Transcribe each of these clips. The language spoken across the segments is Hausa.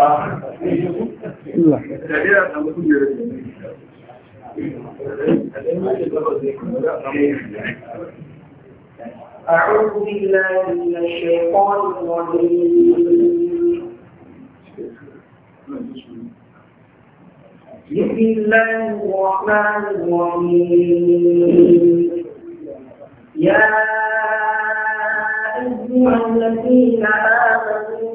أعوذ بالله من الشيطان الرجيم بسم الله الرحمن الرحيم يا أيها الذين آمنوا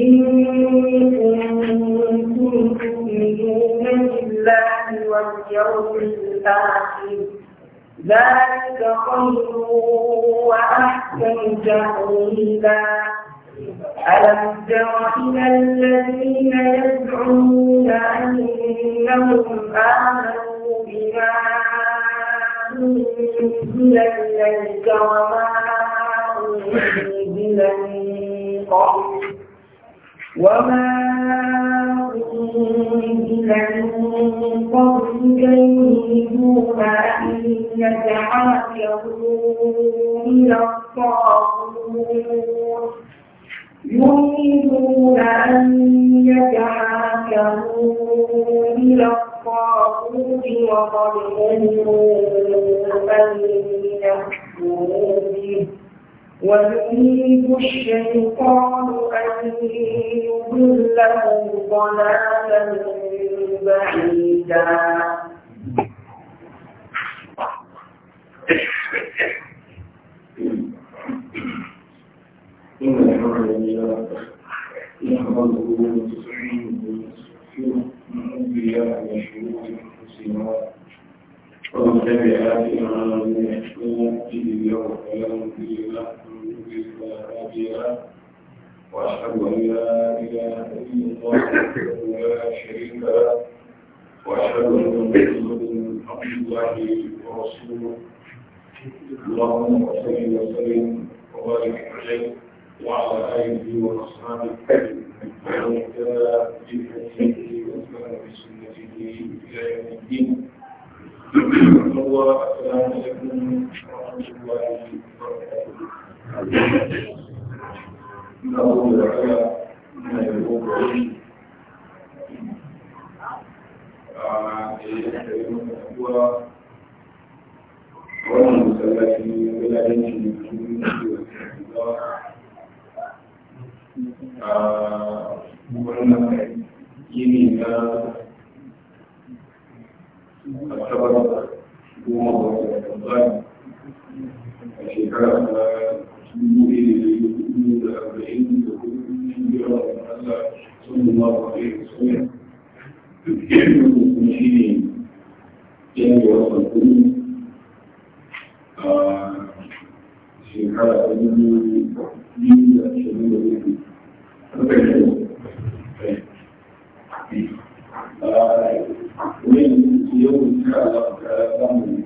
إن كنتم تؤمنون بالله واليوم الآخر ذلك خير وأحسن تأويلا ألم تر إلى الذين يزعمون أنهم آمنوا بما أنزل إليك وما أنزل من قبلك وما أنزل من قبلك يريدون أن يتحاكموا إلى الطاغوت يريدون أن يتحاكموا إلى الطاغوت وقد أمروا أن يكفروا به ويريد الشيطان أن يضلهم ضلالا بعيدا إن الحمد لله نحمده ونستعينه ونستغفره ونعوذ بالله من شرور أنفسنا ومن سيئات أعمالنا من يهده له وأشهد أن لا إله إلا الله وحده لا شريك له وأشهد أن محمدا عبد الله ورسوله اللهم صل وسلم وبارك عليه وعلى آله وأصحابه wuri wannan masallaci ya na asabar goma wata tanzani a da 这个中国法律方面，边疆地区的边远省份，呃，其他的那个第一个是那个，河北，对，呃，我们也有一个呃，辽宁，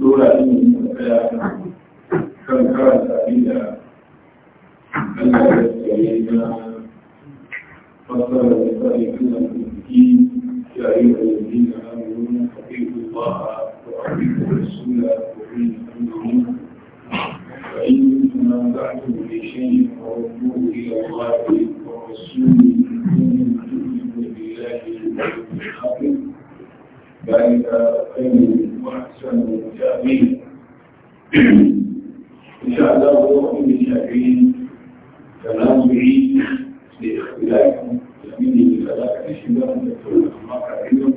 除了辽宁，还有上海那边。فقال لذلك المسكين يا ايها الذين امنوا اطيعوا الله واطيعوا الرسول واولي الامر فان تنازعتم في شيء فردوه الى الله والرسول ان تؤمنوا بالله واليوم الاخر ذلك خير واحسن تاويلا ان شاء الله نؤمن بالشافعين تنازعي لاختلاف تلميذه فلا اشتباه يكون الحماق عندهم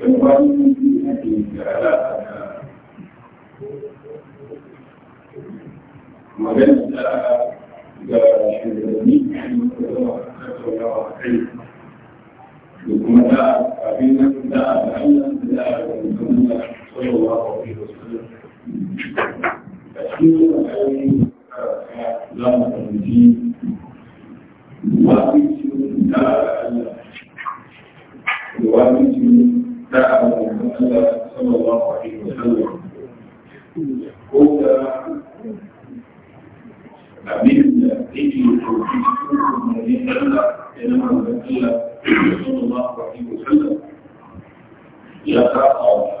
فالوالد يجب على وجدت ثم دعا أبينا دعا أن دعا صلى الله عليه وسلم za mu fahimci wakilcin da Allah da wakilcin da abokan Allah sallallahu alaihi wa sallam ko da abin da yake ɗauki cikin umarnin Allah da na manzon Allah sallallahu alaihi wa sallam ya saba wa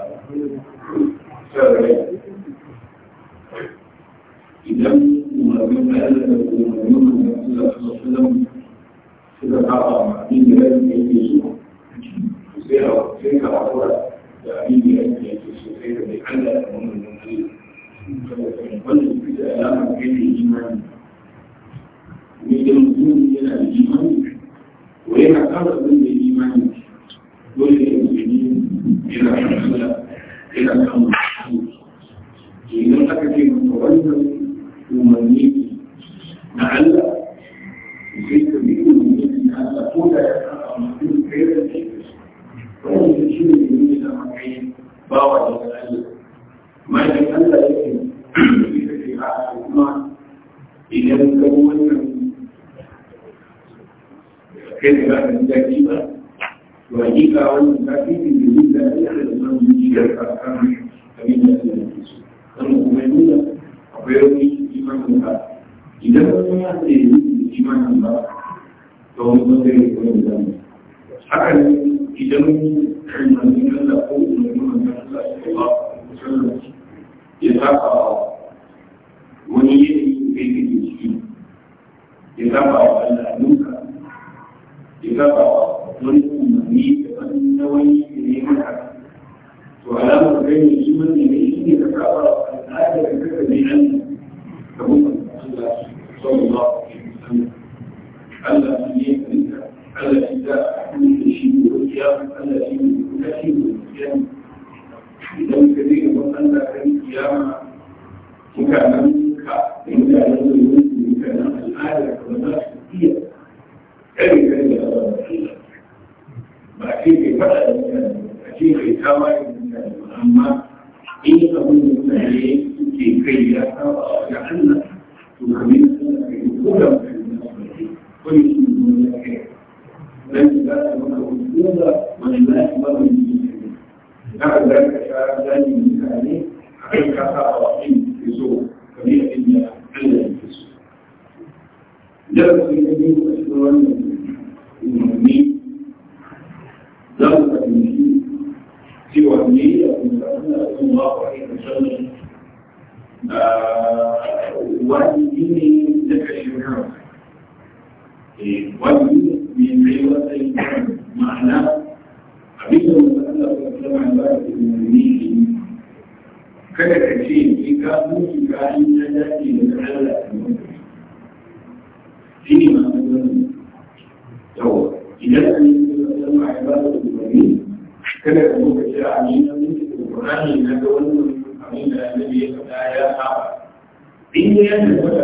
What you ƙarshen kawai wani mai mai wasan ma'ana abin da wasu Allah ya zama ya ba da umarni kada ka ce ki ka mutu ka everyone.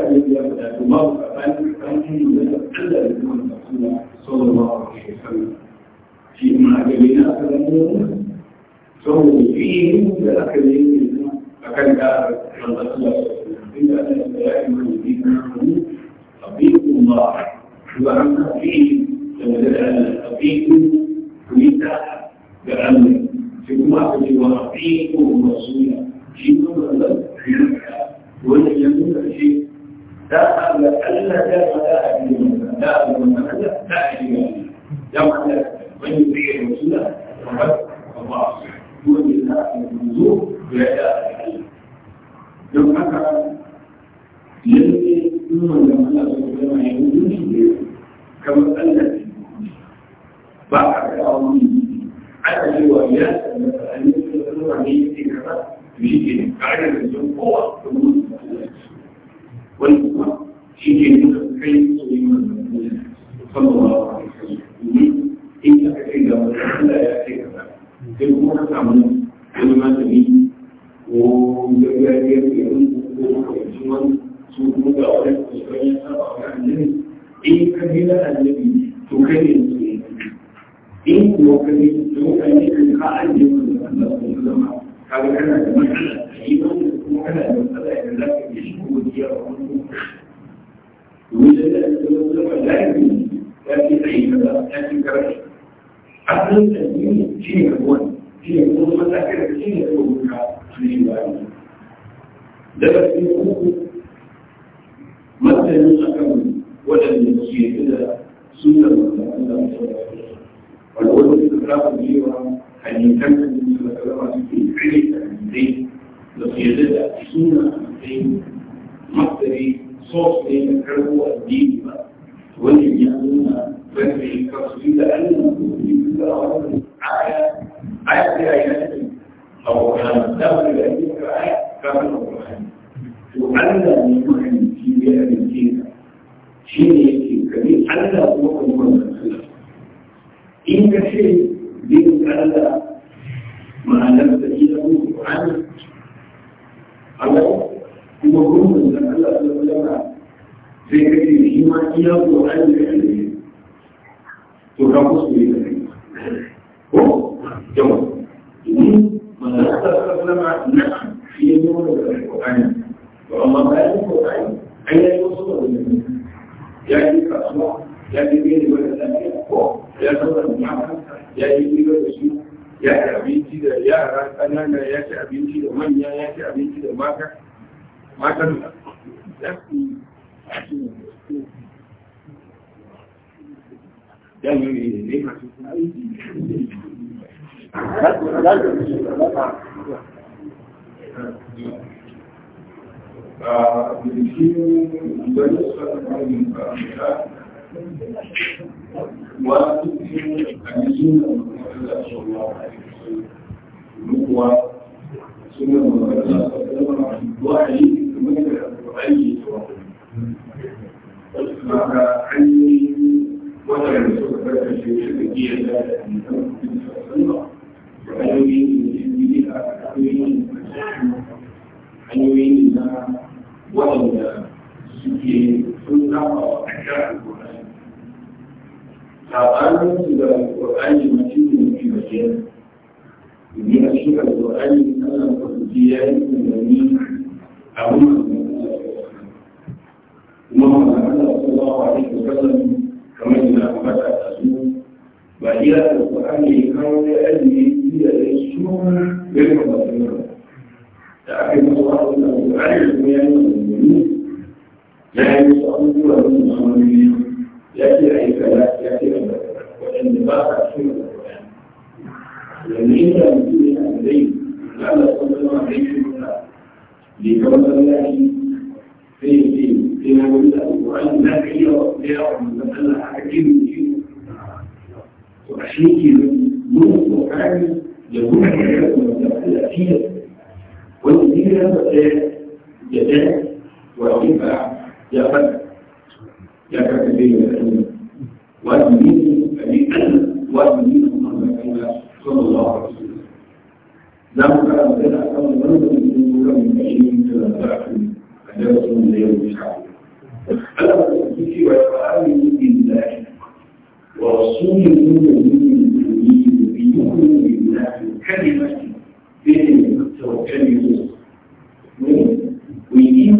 يكون بني التصوير لأنه في كل أوان على عهد آياته أو كان داخل الأيدي كآية كامل القرآن وعلى نحن في بيئة الدين شيء يكفي كبير على قوة المنزل إن كشيء دين على ما لم تجده القرآن الله هو كل من الله سبحانه zai kace shi ma iya Qur'ani da المشركين ونصف المشركات وتؤمن الذين وكذا صلى الله عليه وسلم نقوى سنة وكذا وكذا عن الدعاء مثل الدعاء مع علمي وكان سبحانه في شبكية ذلك من الله وعلمي من علمي أكثر من علمي waɗanda suke sun zama wa ƙasar alƙur'ani saɓanin su da alƙur'ani masu yin mafi wajen domin a cikin alƙur'ani Allah ka kuji ya yi tunani a wannan kuma wanda Allah sallallahu alaihi wa sallam kamar yana ambata ta su ba iya alƙur'ani kawai ajiye iya da su bai kuma da aka yi masu wasu da ƙari da ya yi da ya yi masu abubuwa da musamman ya ce a yi kaza ya ce a yi waɗanda ba sa cikin da yanzu in da mutum ne a zai na da kuma zama da yake nuna bai ga masallaci sai ya ce sai na wani da alƙur'ani na ka iya wa ɗaya wa mutum Allah haka gini shi to a shi ke mun ƙoƙari da kuma ƙarfi da kuma da Allah shi da كده ايه يا ايه صلى الله عليه وسلم لم كان لنا كم منزل من كل من بعيد كما تعلم أجلس من يوم ألا بك وإقراري بالله ورسوله من المؤمنين بيؤمن بالله كلمة بين المكتب وكلمة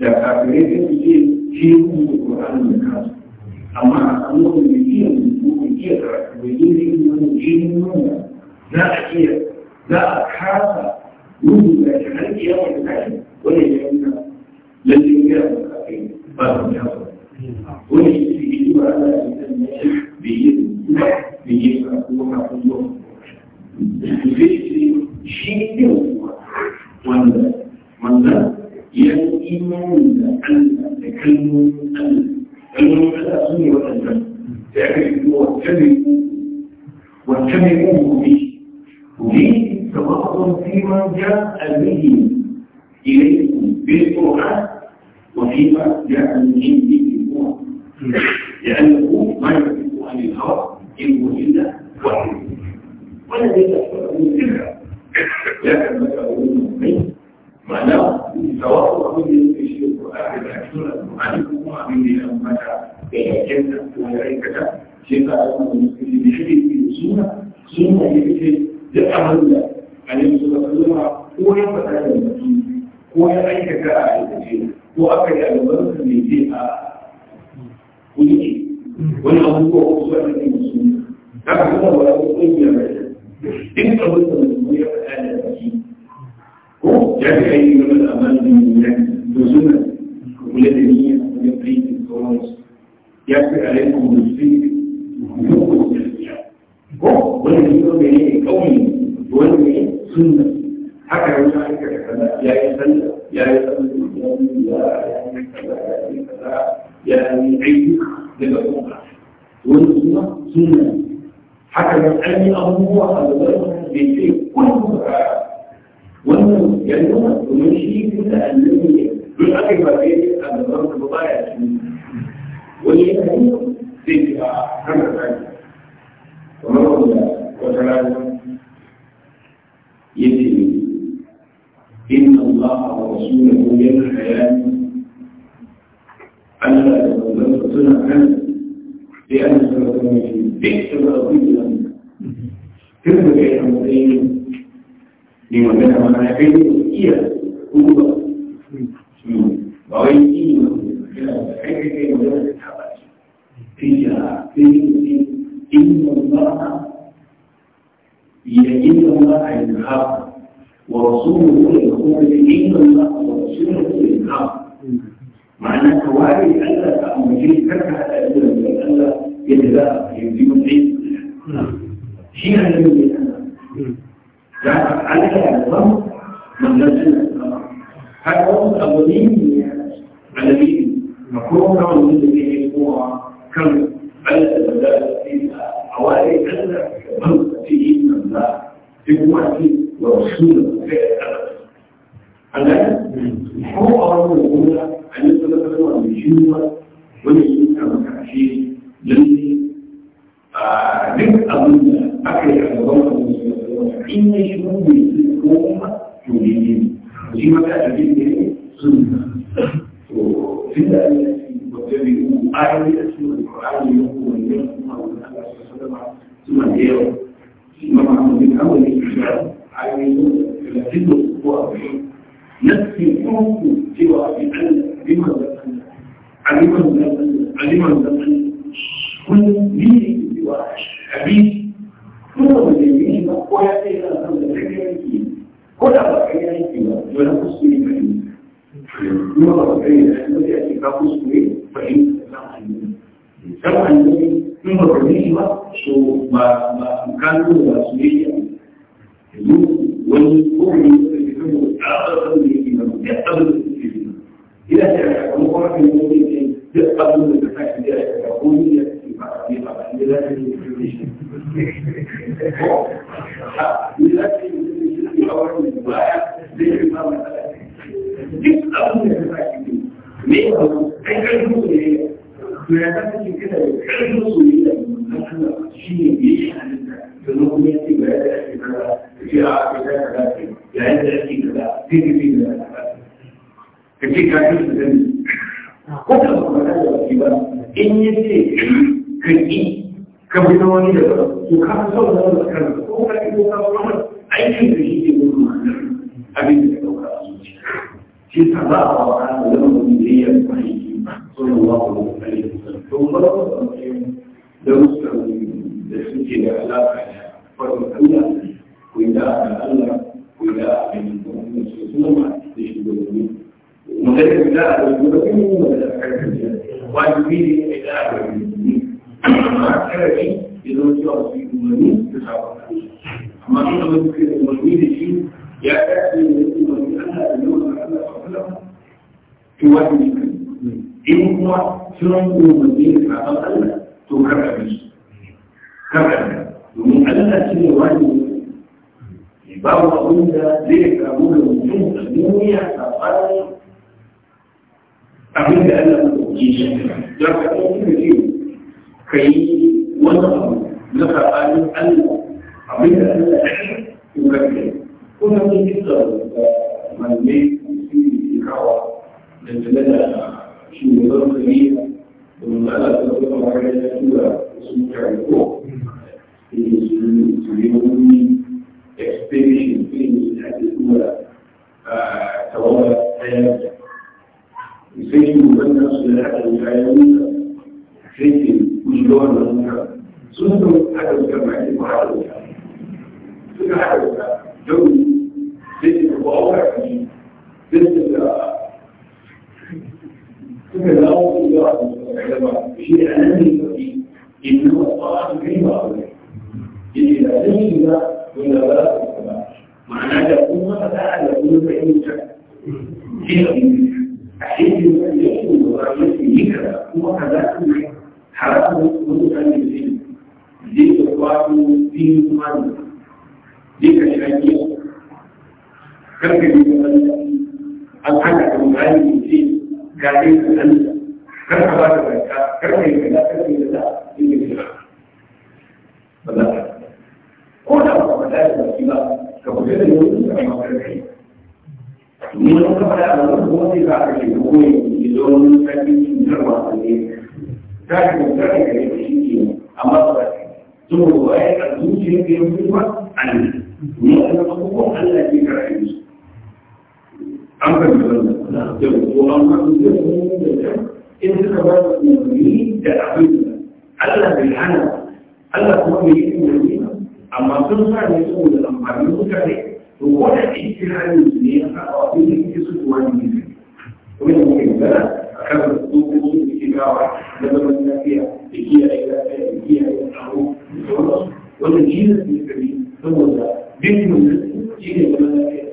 da kafirai sun ce shi ne da Qur'ani da kansu amma a samu wanda bai iya rubutu bai iya karatu bai iya yin wani jinin nuna za a iya za a kasa rubuta shi har iya wani kashi wani ya yi na lallai ya yi kafirai ba su ya ba wani shi ne shi ba Allah ya yi bai yi rubutu bai yi karatu ba kafin zuwa zai ce shi ne wanda manzan yin imani da Allah da kalmomin Allah kalmomin Allah sun yi waɗannan da ya kai kuma wacce mai kuma bi bi sababon fima ja'a bihi إليكم بالقرآن وفيما جاء من به القرآن لأنه ما يصدق عن الهوى إن هو إلا وحي ولا يتحقق من الفكرة لكن ما تقولون منه ma'ana tawafu abin da yake shi da Qur'ani da sunna Qur'ani kuma abin da ya ambata da yakin da ko ya aikata shi ka ga mun yi da shi da sunna ne yake da amalin da annabi sallallahu alaihi wasallam ko ya fada da mutum ko ya aikata a aikace ko aka yi albarka ne ke a kuɗi wani abubuwa ko su ake musulmi haka kuma ba ya kuɗi ya bai da mutum jami'ai game da amalin da to suna kula da niyya wajen aikin sauransu ya fi alaikum da su yau da niyya ko wani ne ko ne kauni wani ne sunna haka yau ta aikata kaza ya yi sallah ya yi sallah ya yi kaza ya yi kaza ya yi aiki daga kuma wani kuma sunna haka yau an yi abubuwa a da bai ce kullum da domin gano ba su yi yanzu wani kowai da ke kan wata da ke nan duk abin da suke yi ina da ya kan kuma kan yi wani ne duk abin da ka sake da ya kan ko ni ya ke ba a ba a ne za ka yi wani shi ko a ne za ka yi wani shi ne a wani da baya zai yi ba matsala duk abin da ka sake yi me ya kan kan ne to ya kan kike da kan su ne da shi ne ya yi فنقول يأتي بهذا يأتي كذا في عقد كذا يعني يأتي كذا في في كذا كتير كتير جدا كل ما هذا كذا إن يأتي كذي كم بنواني ده وكم صار ده كم هو كذي هو كم أي شيء يجي يقول ما أبي في صلاة وعلى لهم دية صلى الله عليه وسلم ثم لو لو استوى بسجل علاقة farkon Allah ku yi da'a ga Allah ku yi da'a ga yin kuma su suna ma da shi da wani magana ku da'a ga wani da kuma yin magana a kan kariya wajibi ne a yi da'a ga wani amma karabi ya zama cewa su yi umarni da sabon amma suna da suke da umarni da shi ya dace da yin umarni Allah da yawan Allah a kula to wajibi ne in kuma sunan umarni da sabon Allah to karabi karabi domin Allah shi ne wani ya ba mu abin da zai kamu da mutum a duniya a tsarin abin da Allah ya ɗauke shi za ka ɗan kira ce ka yi wani abu na saɓanin Allah abin da Allah ya ɗauke shi kuma ne kisa da malamai su yi kawo da tare da shugaban kariya domin Allah ta zama kariya tura su mutane ko يسلموني expedition في الحديث هو تولى حياته يسجل مبنى صلاحات الحيوية شكل مليون منها سنتم حدث كما يجب حدث سنة حدث جو سجل وأوقع في سجل كما لا أوقع في شيء أنني إنه الطاعة كريمة عليه إلى أنه من ذلك معناه يكون فتاة يكون فإن شك أحيث أن يكون رأيته كذا هو كذا حرام يكون عن الدين دين الواقع دين من دين الشيء كيف يكون الحاجة المعاني من دين قاعدين تسلسل كيف هذا كيف يكون كيف يكون كيف يكون ko da ba ka da baki ba ka kuje da yau da ma ka kai ni don ka fara da wani kuma sai ka kashe ko ne ki zo mun saki cikin wasa ne ta ki ta ki kare shi ke amma ba ka to ai ka zuciya ke yin kuma an ni an ka ko Allah ke kare shi an ka ji wannan da ko an ka ji da in suka ba da ni da abin Allah bai hana Allah kuma bai yi amma sun sa ne su da amfanin mutane to wanda ake hannun su ne a wani da ke su kuma ne ne kuma ne ke magana a kan dokokin da ke gawa na zama lafiya da kiyaye lafiya da kiyaye tsaro da sauransu wannan shi ne su kari saboda bin mutum shi ne zaman lafiya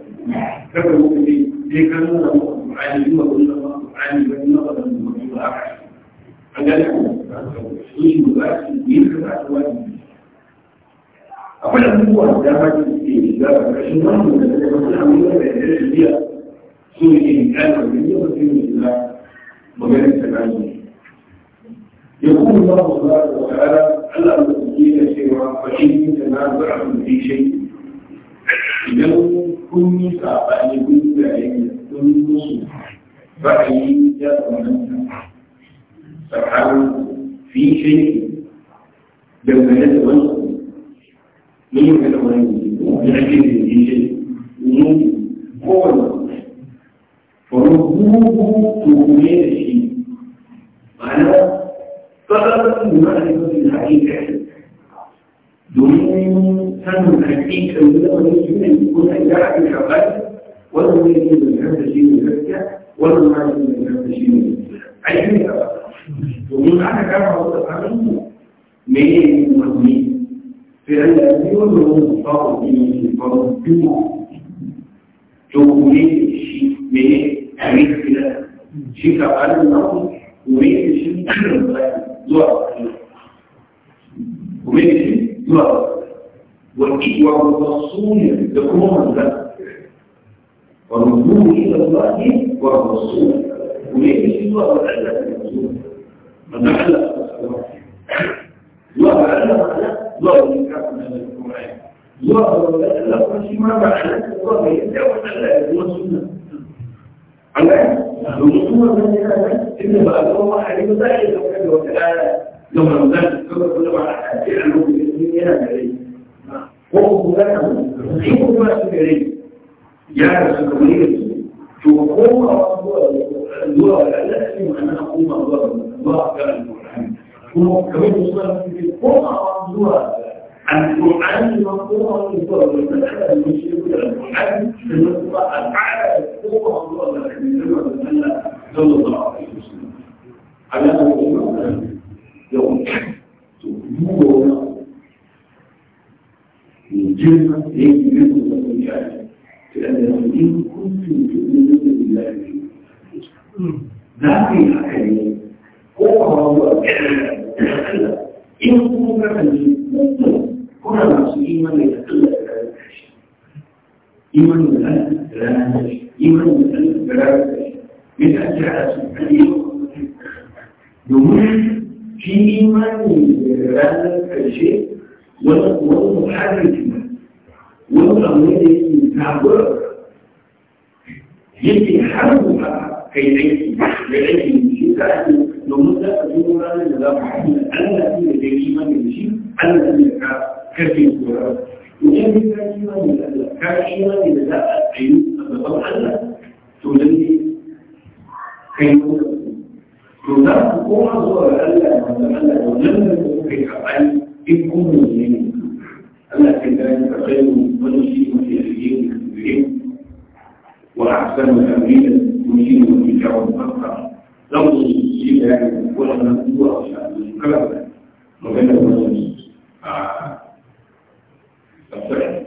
kada muka ce sai ka nuna mu Qur'ani kuma kun san Qur'ani ba ina ba da mutum ba haka an gane ku shi ba shi ne ka ba wani akwai abubuwa da dama da suke da ƙarshen wannan da ta zama samun da ya rashin biya su ne in kana da yi wasu yin da maganin ta gani ya kuma ba mu za da ta'ala Allah da su ke da cewa ba shi yin da na zara mu da shi idan kun yi sabani kun yi da yake kun yi musu ra'ayi ya tsananta tsakanin fi shi dangane da wannan 没有那个关系，也是一些你或者我们无辜主灭的心，完了，刚刚你们那个女孩一开始，由于他们还低沉的那么一面，不参加去上班，我怎么也是女孩的心理专家，我怎么也是女孩的心理，哎，对了，我们拿着干好的，咱们没有问题。فإن يوم فرضي فرضه جمهورية شيء من أمير كده شيء كبار النظر ومين شيء دور ومين شيء دور والإجوى والرسول يذكرون ذلك والرجوع إلى الله والرسول ومين شيء دور العلم ماذا علق الله علق الله يكافئنا للجمعين الله لا شيء ما معناه الله يدعو على الوسنة على الوسنة من هذا إن بعد الله حليم ذلك لو كان وتعالى لو لم ذلك كما كل ما حكي عنه بإذن هذا عليه وهو لنا يحب ما سمعه يا رسول الله شو قوم الله الله لا أسلم أن أقوم الله الله كان المعلم ومكمل صلاة في القرى والزواج عن القرآن والقرى والزواج والمسألة المشركة القرآن بالنسبة الأعلى القرى والزواج الذي جمع الله صلى الله عليه وسلم على أن يوم تؤمنون من جنة هي من الدنيا لأنه إن كنتم تؤمنون بالله ذاك الحكيم هو هو الحكيم in kuma kasance kuna masu imani da Allah da ranar kashi imani da Allah da ranar kashi imani da Allah da ranar kashi me ta kira su domin shi imani da ranar kashi wani wani muharriki wani abu ne da yake tabar yake harbuka kai aiki da aiki shi ta ake domin za a zo ranar da za mu haɗu Allah shi da kai imani da shi Allah shi da ka karfe tsoron idan dai ka imani da Allah ka imani da za a tsayu a gaban Allah to dan ne kai mutum to za ku koma zuwa ga Allah da manzon Allah da wannan da kuka yi haɓari in kun ne ne Allah kan gani ka kai mu wani shi mafi alheri da gare mu wa ahsanu ta'wilan mu shi mu fi jawo barka don mu yi bayani wannan abubuwa a shafi kala da magana wannan a tafsir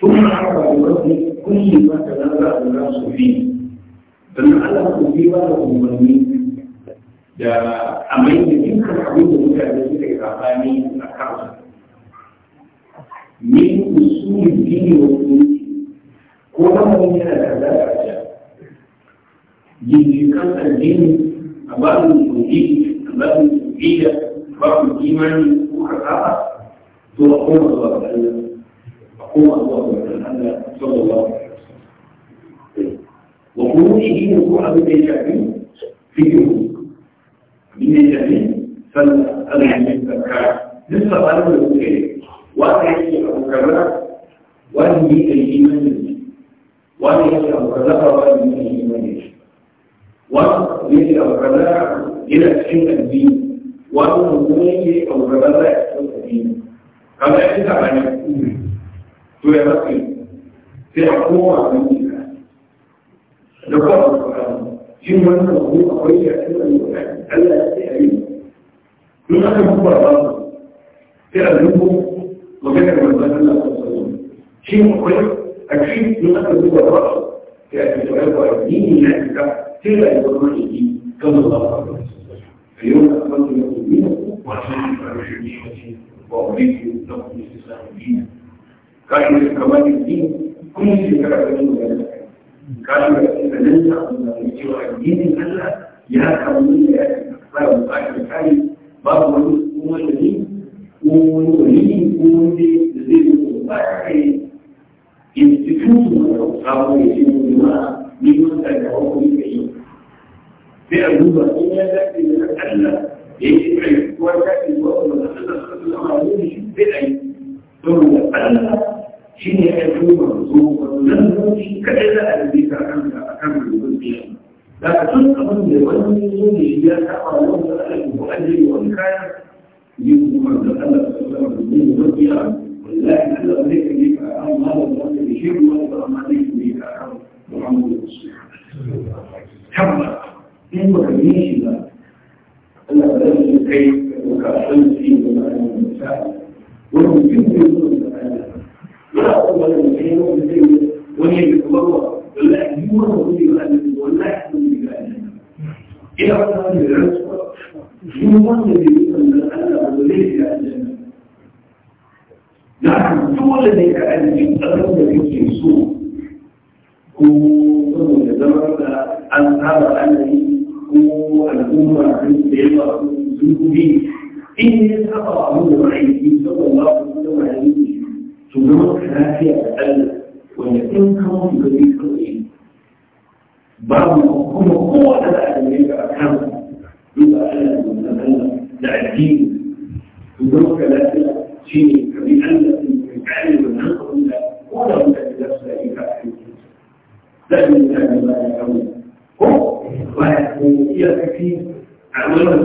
ثم عرف بوجه كل ما تنازع الناس فيه dan Allah ku bi wa da umarni da amai da dukkan abin da mutane suka yi rabani a kansu min usuli dini wa ko wannan yana da يجيكم الدين أباب الوجود أباب الوجودية أباب الإيمان وكذا تقوم الله تعالى أقوم الله تعالى صلى الله عليه وسلم وخروجه وقوع بالتشابه في يوم من الجميع فالأذن من الأذكار لسه قالوا له كده وأنا يحكي أبو والنيل أو الرباع إلى أسفل الدين والنيل أو إلى أسفل الدين كما يجب على تويا مكي في حكومة أمريكا ذكر القرآن في من الموضوع قوية أن القرآن ألا يستحيل من أن يكون الأرض في الذنوب وذكر من ذلك الله شيء مقل أكيد من أن يكون الرأس في السؤال والدين من أجل sai da ya zama da yi kan zuwa faru da yau da kan zuwa da yi na kuma wasu ne faru da shi wace ba wani ke na kuma su samu da kamar da yi kuma shekara da yin magana kashi da ke da nan ta kuma da cewa addinin Allah ya kamun da ya tsara bukatar kari babu wani kuma da ni ko wani wani ko wani da zai zo ba kai institution da ya ce mu ma ni mun da في أبوبة هي تأتي لتتألى يجب أن يكون تأتي وأولا تتألى الأمرين شبئي ثم تتألى شيء يكون مرزوقا لن كإلا أبيك أكمل أكمل بالقيامة لا تنقم لولي يجب أن تقرأ لك مؤجل وإن كان يجب أن تتألى بالقيامة والله ألا أريد بك الله وأريد بشيء وأريد أن أريد بك محمد الصحيح كمل in ba ka yi shi ba Allah ba zai yi kai ka san shi da ma'ana da sa wani mutum zai zo da ma'ana yana kuma da mutum yana da zai yi wani yake kamar wa wallahi yi wani wani da ma'ana da wallahi yi da ma'ana ina ba ta da rantsuwa yi wanda zai yi sannan Allah ba zai yi da aljanna نعم دول ne ka ajiye tsaron da kake so ko saboda zama da an tsara ana yi والأمة عن الصراط المستقيم إن أقرأهم عليه صلى الله عليه وسلم تنور كافية ألا ولكن كون بذيك الإيمان بعضهم قوة الأدمية أكامل يبقى ألا من ألا تعجيب lọ́nà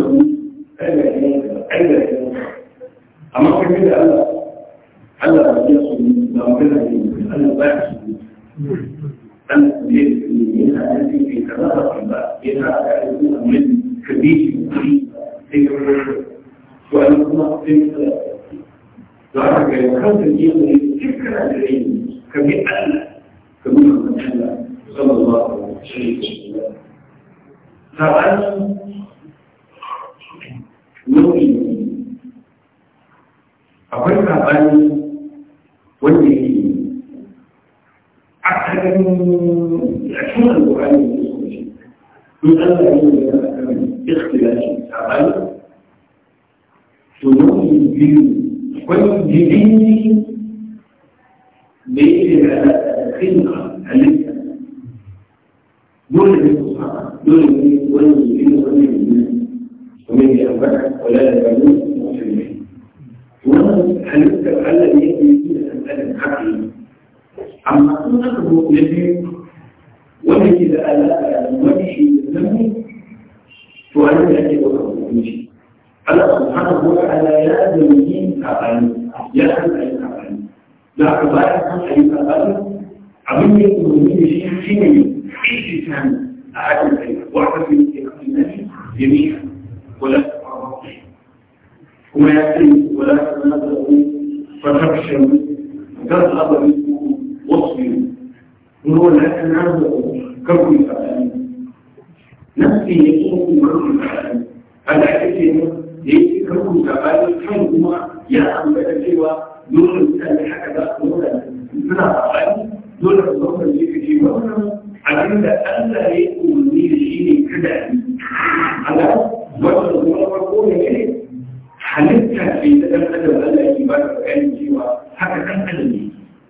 haka kan ne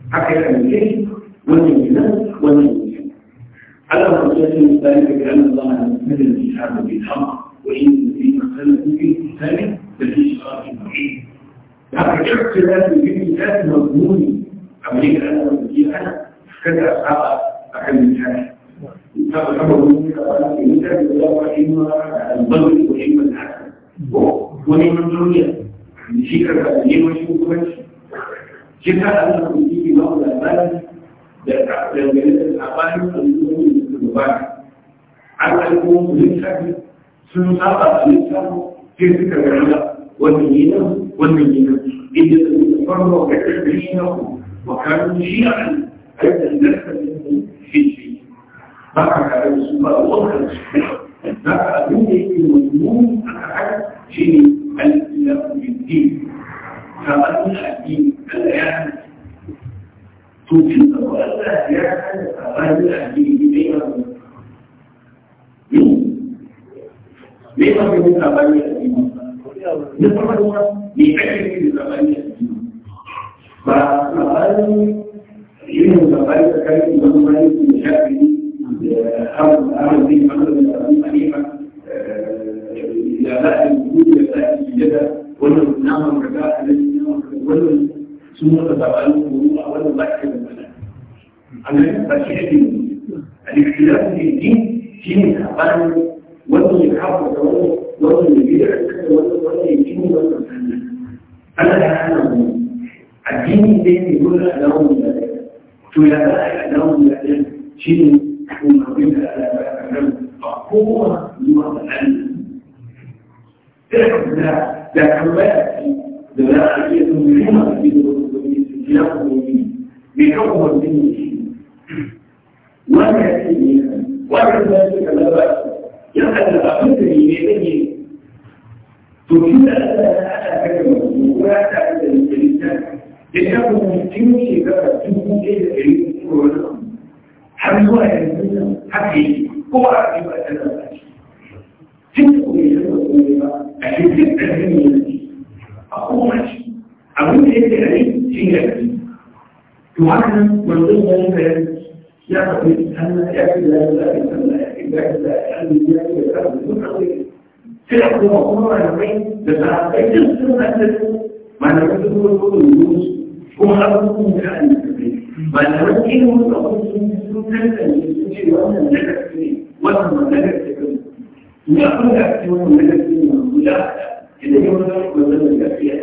haka ya kamace wannan gidan wannan gidan Allah ku ce sun tsari da kan Allah na mutum da ya haɗu bil ham wa in fi masalatu fi tsari da fi shirafi mu'in da haka kirkir da su yi da su mazmuni a mai ga Allah da ke hana kada a saba a kan misali ta ba kama wani ka ba ke misali da yawa in ma albalu ko in ma ta wani mun duniya shi karka ne wani hukunci jika Allah memiliki mau dan dan dan apa yang terjadi di kehidupan. Allah itu memiliki sesuatu yang kita kerana والمدينة والمدينة إذا تفرغ كتبين وكانوا شيعا حتى الناس في الشيء بقى على السماء وضع بقى أبني في المضمون شيء الإله بالدين sabanin addini kada ya hana to cin da Allah ya hana sabanin addini ne ya hana me ya hana ne sabanin addini na farko me ake ne da sabanin addini ba sabanin yin sabanin tsakanin wani wani da shafi da hawan hawan zai fara da abin hanifa da za'a yi da za'a yi da wannan naman raga a nan naman raga wannan sun wata sabanin kuru a wannan ba shi da mana a nan ba shi ake al-ikhtilaf fi din shi ne sabanin wannan ya kafa da wannan wannan ya bid'a da wannan wannan ya kini wannan sannan Allah ya hana mu addini da yake gurin alawun da to ya za a yi alawun da shi ne kuma abin da Allah ya ba a kowa zuwa ga Allah تحبنا تحباتي دلائية مهمة في الرسولية بكون من شيء ولا شيء وكذلك لا يقل أمر بيده تجد أنها أكبر ولا تعد الإنسان لأنه يمشي فأتوه إلى الإنسان حملوا أهلنا حقيقي هو أعجب أتنا تلك من a cikin ƙarfi a koma shi abin da yake a yi shi ne to haka nan manzon wani bayan ya faɗi Allah ya fi da ya zaɓi Allah ya fi da ya zaɓi Allah ya fi da ya zaɓi duk aure sai a koma kuma malamai da sahabbai duk sun zaɓi malamai duk wani kuma yi kuma abubuwan da an yi malamai ilimin abubuwan sun tantance su ce wannan nagarci ne wannan nagarci ni abin da ake wani wanda gaske ne mai guda ina yi wani zama kuma zama gaskiya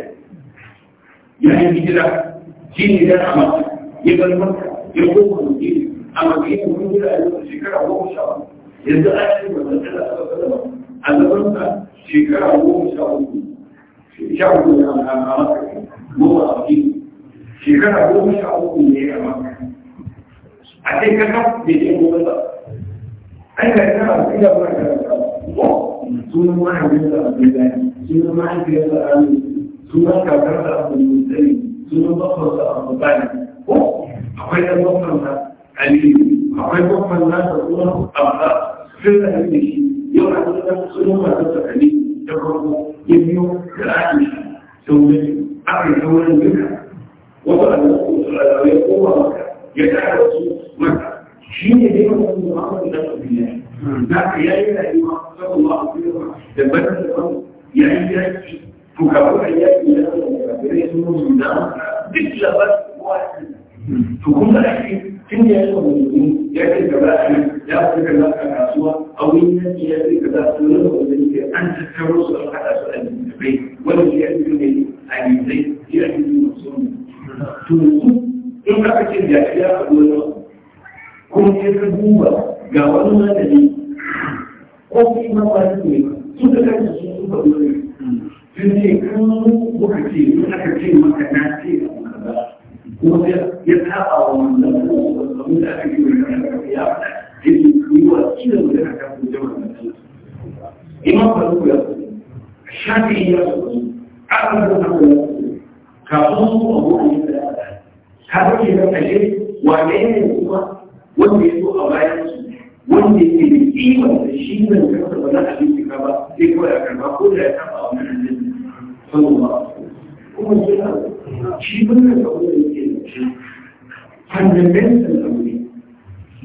ya yi hijira shi ne dan a maka ya bar maka ya koma mutum a maka yin wani gida a yau shekara goma sha wani yanzu a yi wani zama da aka zama a zaman shekara goma sha uku sha uku ne a maka goma a mutum shekara goma sha uku ne a maka a kai kaka bai yi goma ba أنا أعرف إلى ما سنة ما حدث أبدا سنة ما حدث أبدا سنة كبرت أبدا المسلم سنة ضفرت أبدا أخوي ضفرنا علي أخوي ضفرنا تقول أبدا سنة هذه يوم حدث سنة ما حدث علي يقرب يبيو العالم سنة أعرف أولا بها وضع الرسول على يقوم مكة يتحدث مكة shi ne dai wani wani da su biya da ka yayi rayuwa sallallahu alaihi wasallam da barin da kan yayi yaki to ka ba yaki da gare su mun da duk labar wani to kuma shi tun da yake mun ya ce gaba shi ya ce gaba a kasuwa a wurin yaki ya ce gaba su ne wanda yake an tattaro su an hada su a jibai wanda ya ce ne a jibai ya ce ne musulmi to in ka ce ya ce ya faɗo kuma ya ka duba ga wani magani ko kuma ba su ne suka kanta su su ba dole sun ce kan muka ce aka ce maka na ce a muka kuma ya taɓa wa wannan ko wani da aka ce mai ya faɗa ya ce kuma cikin da aka kafa jama'a na su imam faruku ya faɗi shafi ya faɗi abubuwan haka ya faɗi kafin su abubuwan da ya faɗa ka ɗauke da ƙashe wane ne kuma wanda ya zo a bayan su wanda ya ke da kiwon da shi nan da kasa ba za a bincika ba sai kawai a karba ko da ya kama a wannan nan sallallahu alaihi kuma shi na shi wannan da wanda ya ke da shi fundamental aure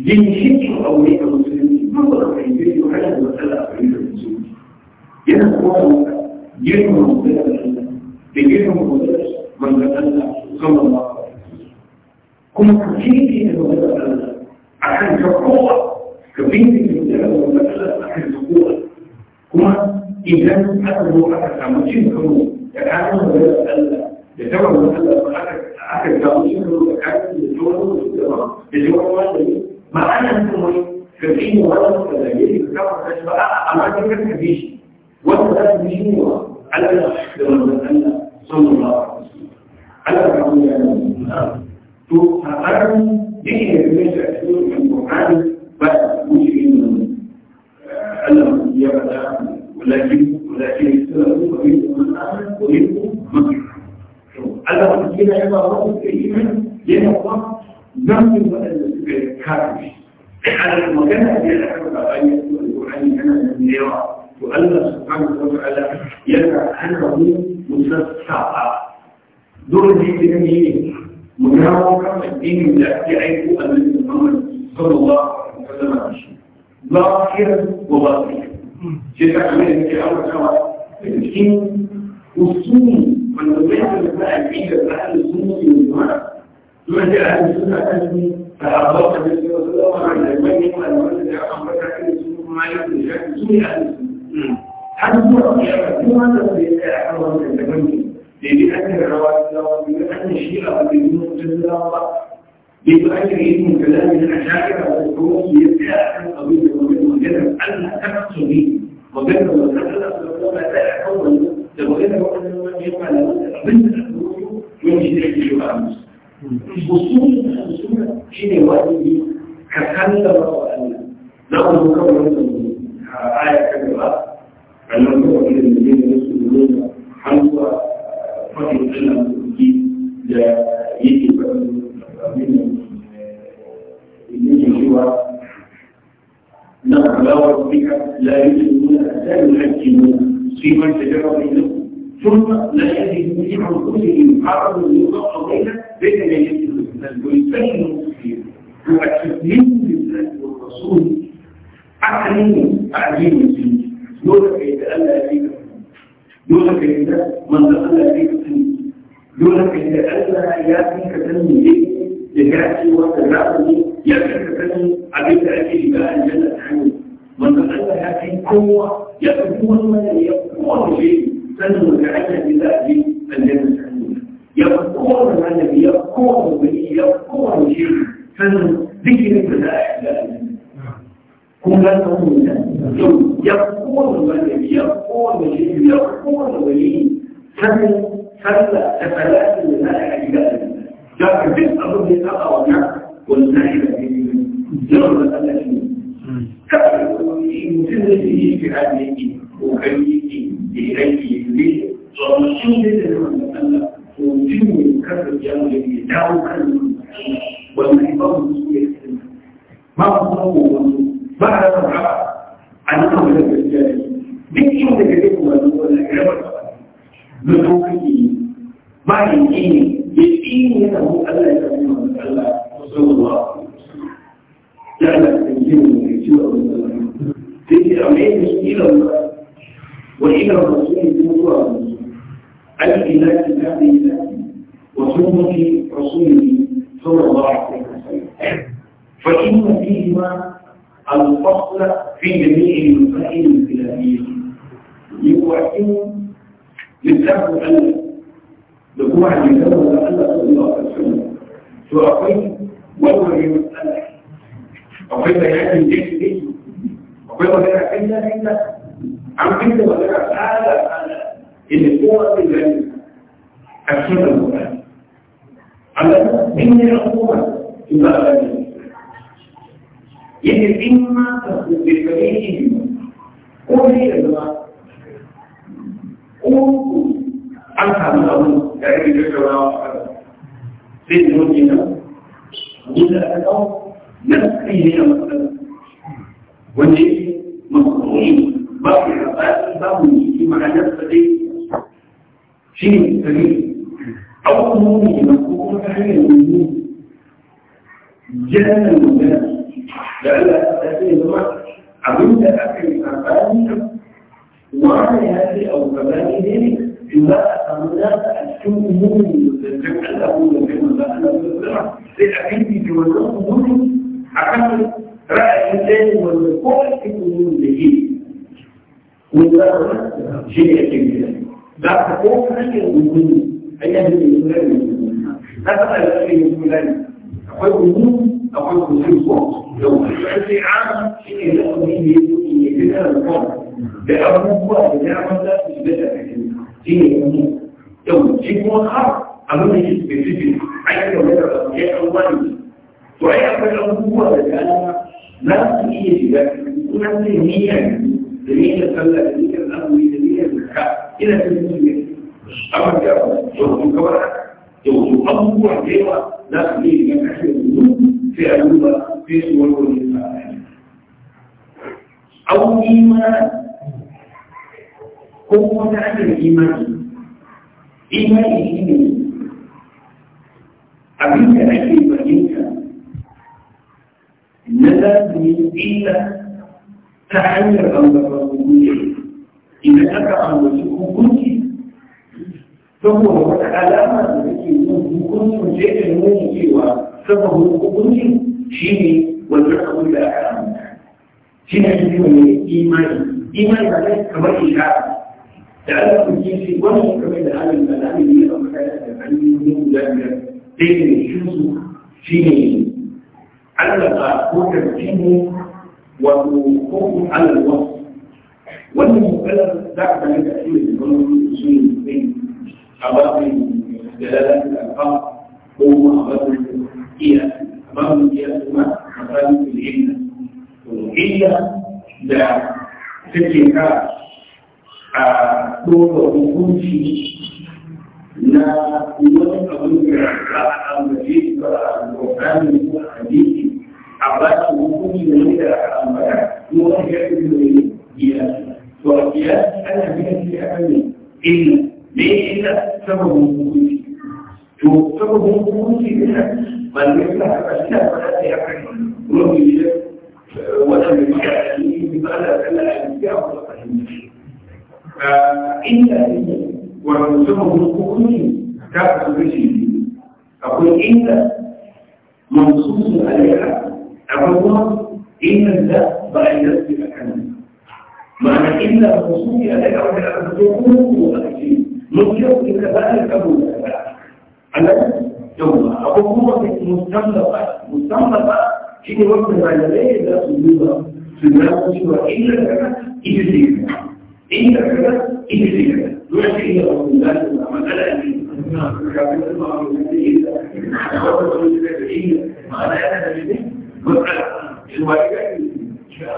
ginshikin aure a musulunci ba ba a fahimci yau hanyar matsala a fahimtar musulunci yana kuma girma musulunci أنت أكيد بقى الجنة تحمل من تقلها في قوة يقوى المال يقوى شيء سنه تعالى بذاته الجنة تحمل يقوى المال يقوى البني يقوى شيء سنه ذكر المزاح لا كم لا تقوم يقوى المال يقوى الشيء يقوى البني سنه سنه شيء جميل لا تقوم أي أمور أي أمور لا تقل أي أمور أقول أمور أقول أمور صوت لو في عام شيء يقوم به يقوم به الفرق بأبوه بنعمة تثبت شيء أمور لو شيء آخر أمام يجب بالفكر أي أمور أي أمور وأي أمور أبوه لأن لا تقيد ذلك ونسميه جميع الخلة جميع الأموي جميع الذكاء إلى تنسية أما كان يوم كبرة يوم أبوه جيوة لا تبيه من أحد الظلم في أبوه في سور والنساء أو إيمان هو متعلم إيمان إيمان إيمان أبيك أكيد فهمك لازم إلا ta hanyar ambatar hukunci idan aka ambaci hukunci saboda wata alama da take yin hukuncin ce ta nuna cewa sababin hukuncin shi ne wanda abin da aka amsa shi ne ake cewa ne imani imani ba ne kamar isha da Allah ku ji shi wannan kamar da Allah da Allah ne ya amsa da hanyoyin guda biyar sai ne shi su shi ne Allah ba ko ta shi ne وحكم على الوصف وأن المسألة بعد ان تأثير الظلم الأصول من حوافظ دلالات الالقاب هو أمر القياس أمر القياس هما في العلة والعلة ده فكرة دور وجودي na wani abin da za a ambace ba a rukunan da عباس وجودي وليس أمرا نور يكتب لي بيا وبيا أنا بيا في أمني إن ليه إلا سبب وجودي تو سبب وجودي بل ليس أشياء ولا يعرف ربي ولا بمكانه بمعنى أن الأشياء ولا فهمت فإن وسبب وجودي كافر بشيء أقول إن منصوص عليها أقوى إن لا بأن يسبب كمان معنى إلا خصوصي أنك أرجع تقول أكيد ممكن إن ذلك أبو على يوم أقوى مستملقة مستملقة في وقت العلمية لا تجوز في الناس إلا كذا إجزي كذا إلا كذا إجزي كذا يعطي إلى رسول الله صلى الله عليه وسلم أنا أنا أنا أنا أنا أنا أنا أنا أنا أنا أنا أنا أنا matsala su ba daga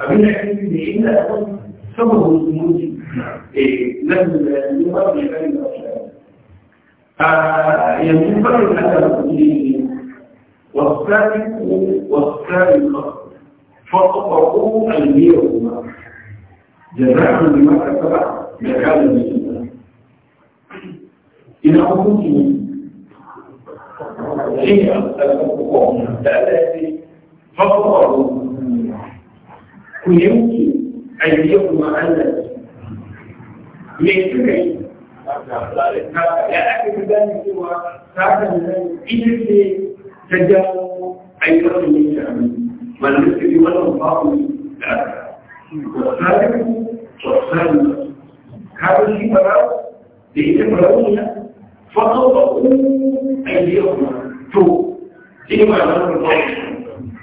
abin da ake yi da yi na akwai saboda musulunci eh nan da yi ba da kare da wasu a yanzu farin Allah da ne والسابق والسابقة فاقطعوا أيديهما جزاء بما كسبت زكاة من إلى حكمه شيئا الحقوق لألا يأتي فاقربوا ويمكن أن يكون أنت من سكي لا أكد ذلك سوى ساعة من إذا تجاو أي رجل من شعبي والمسك والمضاقم لا والسالك والسالك هذا الشيء براو لإذا براونا فاقربوا أيديهما تو إنما أنا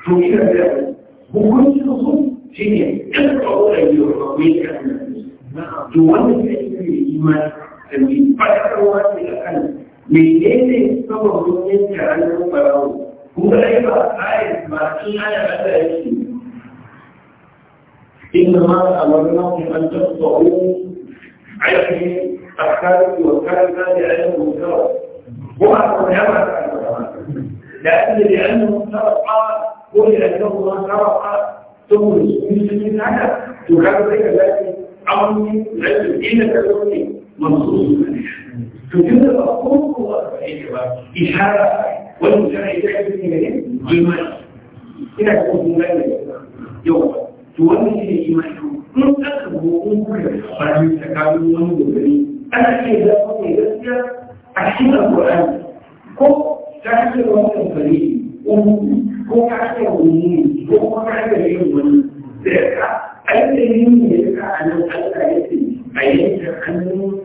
حميدة بيضة hukuncin su shi ne ɗan ƙwaƙwarar yi wa ƙwaƙwai da kan to wanda ya yi da imani da mai fatarwa ne a kan menene sabon yin taron ɓarawo kuma ai ba ayat ba shi ana rasa yake inna ma amarna mu an tasau aiki tsakanin wa karin da ayyukan mutawa ko a kuma ya ba ta da da annabi annabi mutawa وهي أنه شرع ثم من هذا تكاد ذلك عوني العلم إلى كلمة منصوص منها فكل الأصول هو إشارة والمشارع يحدث إليه إيمان إلى كون مالك يوم تولي الإيمان من أقرب أمور فعلي تكامل ومدري أنا إذا قمت بذلك أحسن القرآن كم تعمل وقت فريد ko ka ce wani ko kuma ka ce yin wani zai ka ainihin ne ya ka a nan Allah ya ce a yanke hannun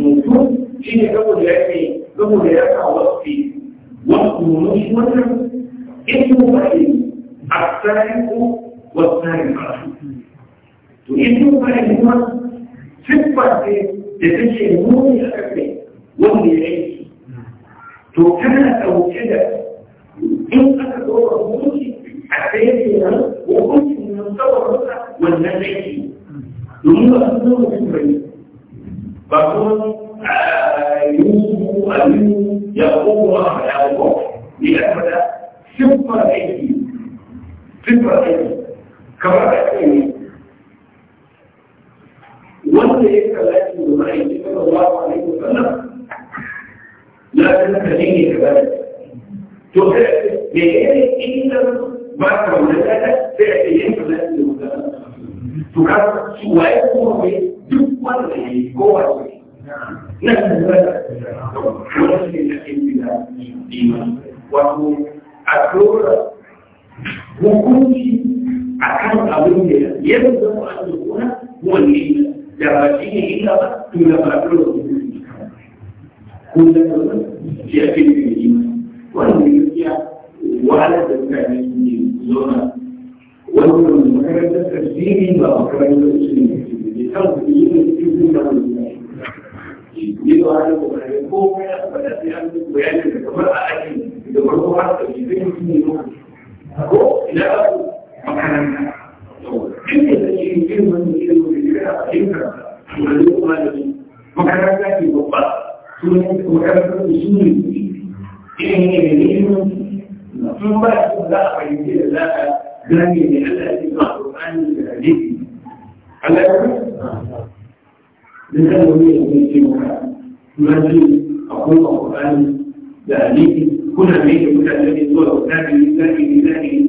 mutum shi ne saboda ya ce saboda ya sa wasu wasu nuna shi wannan ismu bai a tsarin ko wasu tsarin ba to ismu bai kuma siffar ce da take nuni a ƙarfe wanda ya aiki to kana ɗauke da in aka الدور الروسي الثاني وكنت من مستوى الرقعة والنتائج يوم أنه مجمعين فكون يوم أمين يقوم على الوقت لأنه صفر أيدي صفر أيدي كما تكون وانت يكتب لك صلى الله عليه وسلم لا تنسى كذلك تحب me ina ainda vai para o Lelé, serve para o Lelé. Tu casa sua é por mim, do qual é igual a mim. Não é verdade? Não é verdade. a flora, o cuti, a kan abin da ya zama a tsokuna wani da ba shi ne ila ba tun da ba flora kun da ya ke da ma. wani gaskiya وعلى تفاعل زونا ومن مكان التفسير ما مكان التفسير لحظ يجب على المحركون فلا في أن بيان الكبار أكيد يدوروا على تجيبين من أكو لا مكان كيف تجيبين من يجيبوا بجراء إنك وليوم هذا مكان ذاتي بقى ثم مكان التفسير إنه يجيبون ثم لا فإن لا غني لأن القرآن الكريم على لكن من يمكنك تنزل أقول القرآن لأليه كنا بيه كنا الذي هو الأولاد لله لله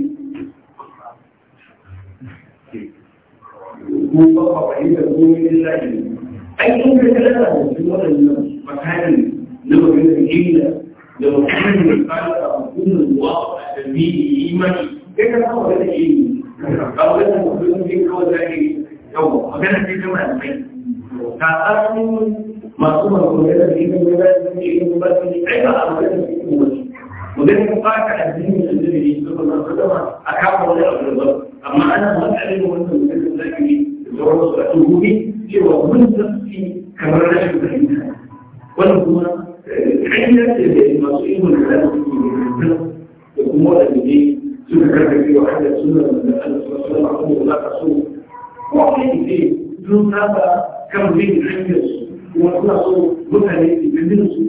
هو صحيح يكون لله أي أنت ثلاثة في وضع المكان لما بين إلا da mutum mai kare a hukumar ruwa da mini imani kai ka kawo ke yi a wajen mutum ne kawai da ke yau magana ce ta malamai ta tsarin masu malamai da ke kan yau da ke yin ba su ne kai ba a wajen da ke yin wani wajen ka fata a jini da zai yi su ba su zama a kafa wani abu da ba amma ana matsalin wannan mutum da zai yi da sauransu a tuhubi cewa mun zafi kamar rashin fahimta wannan kuma عندك المسؤول الأمور اللي سنة كان في واحدة سنة من أن صلى الله عليه وسلم رسول وعليه فيه دون هذا كم من عندس ونصر مثل بالنص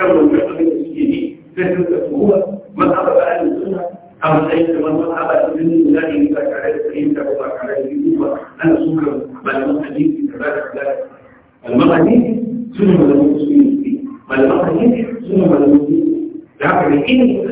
أكبر من قبل السجين فهمت هو من أرى أهل السنة أما سيد من من أرى من الله يبارك عليه فإنك وبارك عليه أنا سنة بل المحديث كذلك المحديث in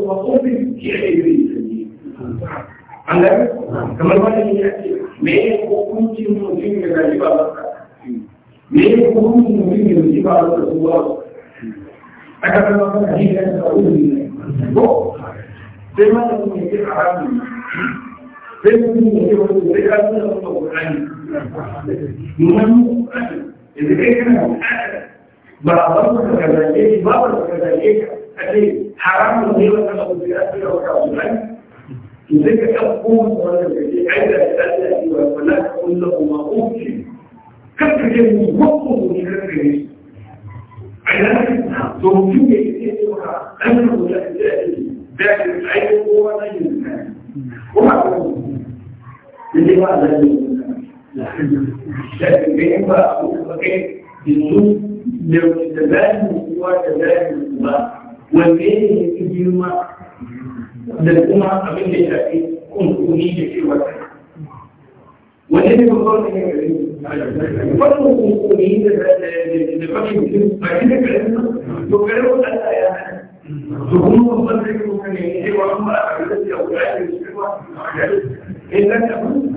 وقوم يحيي an gari kamar wani ya ce me ya hukuncin mutum ya gari ba masa me ya hukuncin mutum ya gari ba masa zuwa a kasar wani hadisi ya ta wuri ne ko sai ma da mutum ya ce haramun sai mutum ya ce wani zai kasu da wani kuɗani babanka ka zaɓe shi babanka ka zaɓe ka a ce haramun ne wata abu da ake da wata abu ne to sai ka ɗan kuma wannan da ke ai da ta da shi wa kula ka kulla kuma uki kan ka ce mu wakko mu ne kan ka ne ai da to mutum ne ke ce wa ɗan ka kula ka ce da ke ai ko kowa na yin ka kuma ko ne ba da ne da ke ba ko ka ke لو تباهي سوى تباهي الكبار والليل يجي الأمة للأمة أبن لشاكي كنت أميد في وقت والنبي بقول لك فضل أميد لفضل مسلم فكذا كلمة يقرأوا الآية يعني تكونوا مصدرين مكانين وهم أعلى التي أولاد يسلموا إلا كمان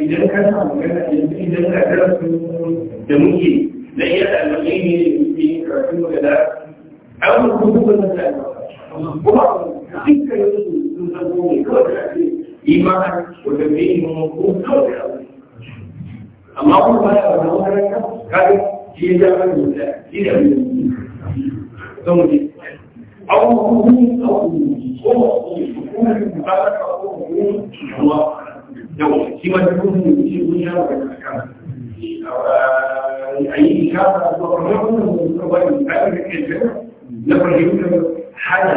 经开车，我们呢？一人开车，东西，人家在那美女，比一块儿，兄弟呢？还有故宫，那在那，我们不到，经常有女女生过，过节去，一般或者美女过过节去，俺老夫老太老太呢，开节假日去的，几点去？兄弟，还有故宫，故宫，故宫，故宫，大家知道故宫是什么？yau shi ma duk mun shi mun ya ba ka kan ayi ishara ko wannan ko ba ni ka ga ke da na fahimta hada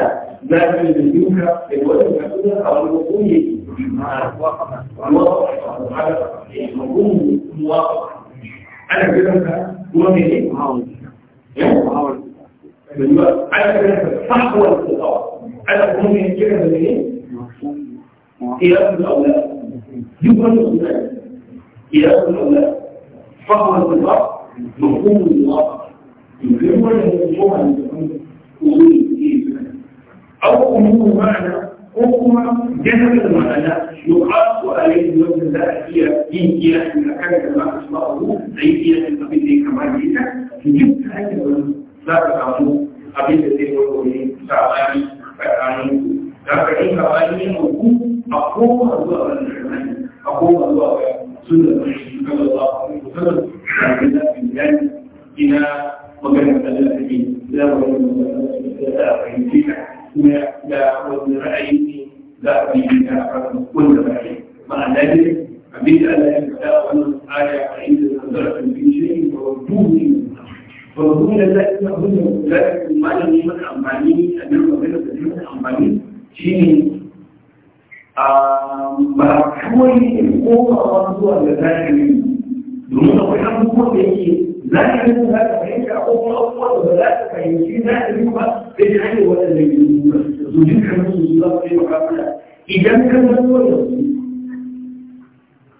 zaki da duka da wannan kasuwa a wannan kunye ma waqafa waqafa hada mun muwafaqa ana gidan ka kuma me ne ma'awun ma'awun ana gidan ka sahwa al-qada ana kuma me gidan da ne ma'awun ya Allah يبرم الله إلى الله فهو الله مفهوم الله يبرم له وجوها أو أمور معنى حكم جهد المعنى يقاس عليه الوزن في إن من أكاد كما أسمعه زيدية القبيل كما جئت يجب أن لا تعلم أبيت ذي وقوله سعباني فأعلمه لكن كمان يكون مفهوم الله الرحمن أقول الله سنة صلى الله عليه وسلم وعملنا في ذلك إلى مكان المتلاعبين لا ويمكنك لا ونرأيه لا أريدك كل بعيد مع ذلك عبيد ألا يبدأ أن الآية عند نظرة في شيء ووجوه فالرسول لا يقول ذلك ما لم يكن أماني أن يكون غير أماني شيء ba kawai ne komawa zuwa da zahiri domin akwai abubuwan da yake zahirin za ka fahimta ko kuma abubuwan da za ka fahimci zahirin ba sai ta hanyar waɗanda ke zuwa su duka musu su za su yi makafula idan ka zanto da su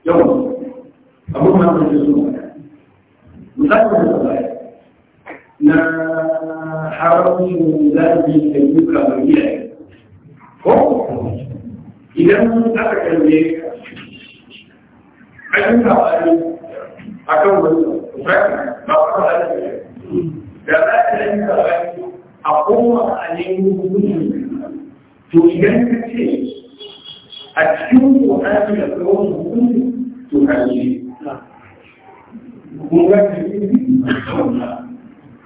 yau abin ma zai su ba misalin da ba na haramcin zaɓi da duka mai iyaye ko idan aka kalle ka ayyukan labari a kan wani ba ku da da za ka ta labari a koma a nemi hukunci to idan ka ce a cikin kokarin da kawai hukunci to ka yi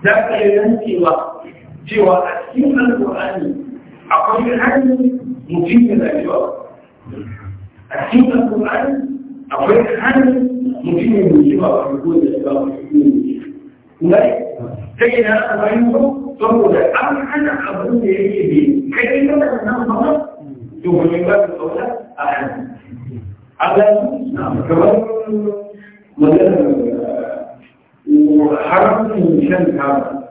za ka yi cewa cewa a cikin alkur'ani akwai hannun مفيد للأجواء أكيد القرآن أقول حال مفيد للأجواء ويكون الأجواء ويكون الأجواء لكن هذا بعينه فقد أم حاجة أقول لي إيه كيف أنا مرة يوم من باب الأولى أحد على نعم كمان مثلا حرم من شمس هذا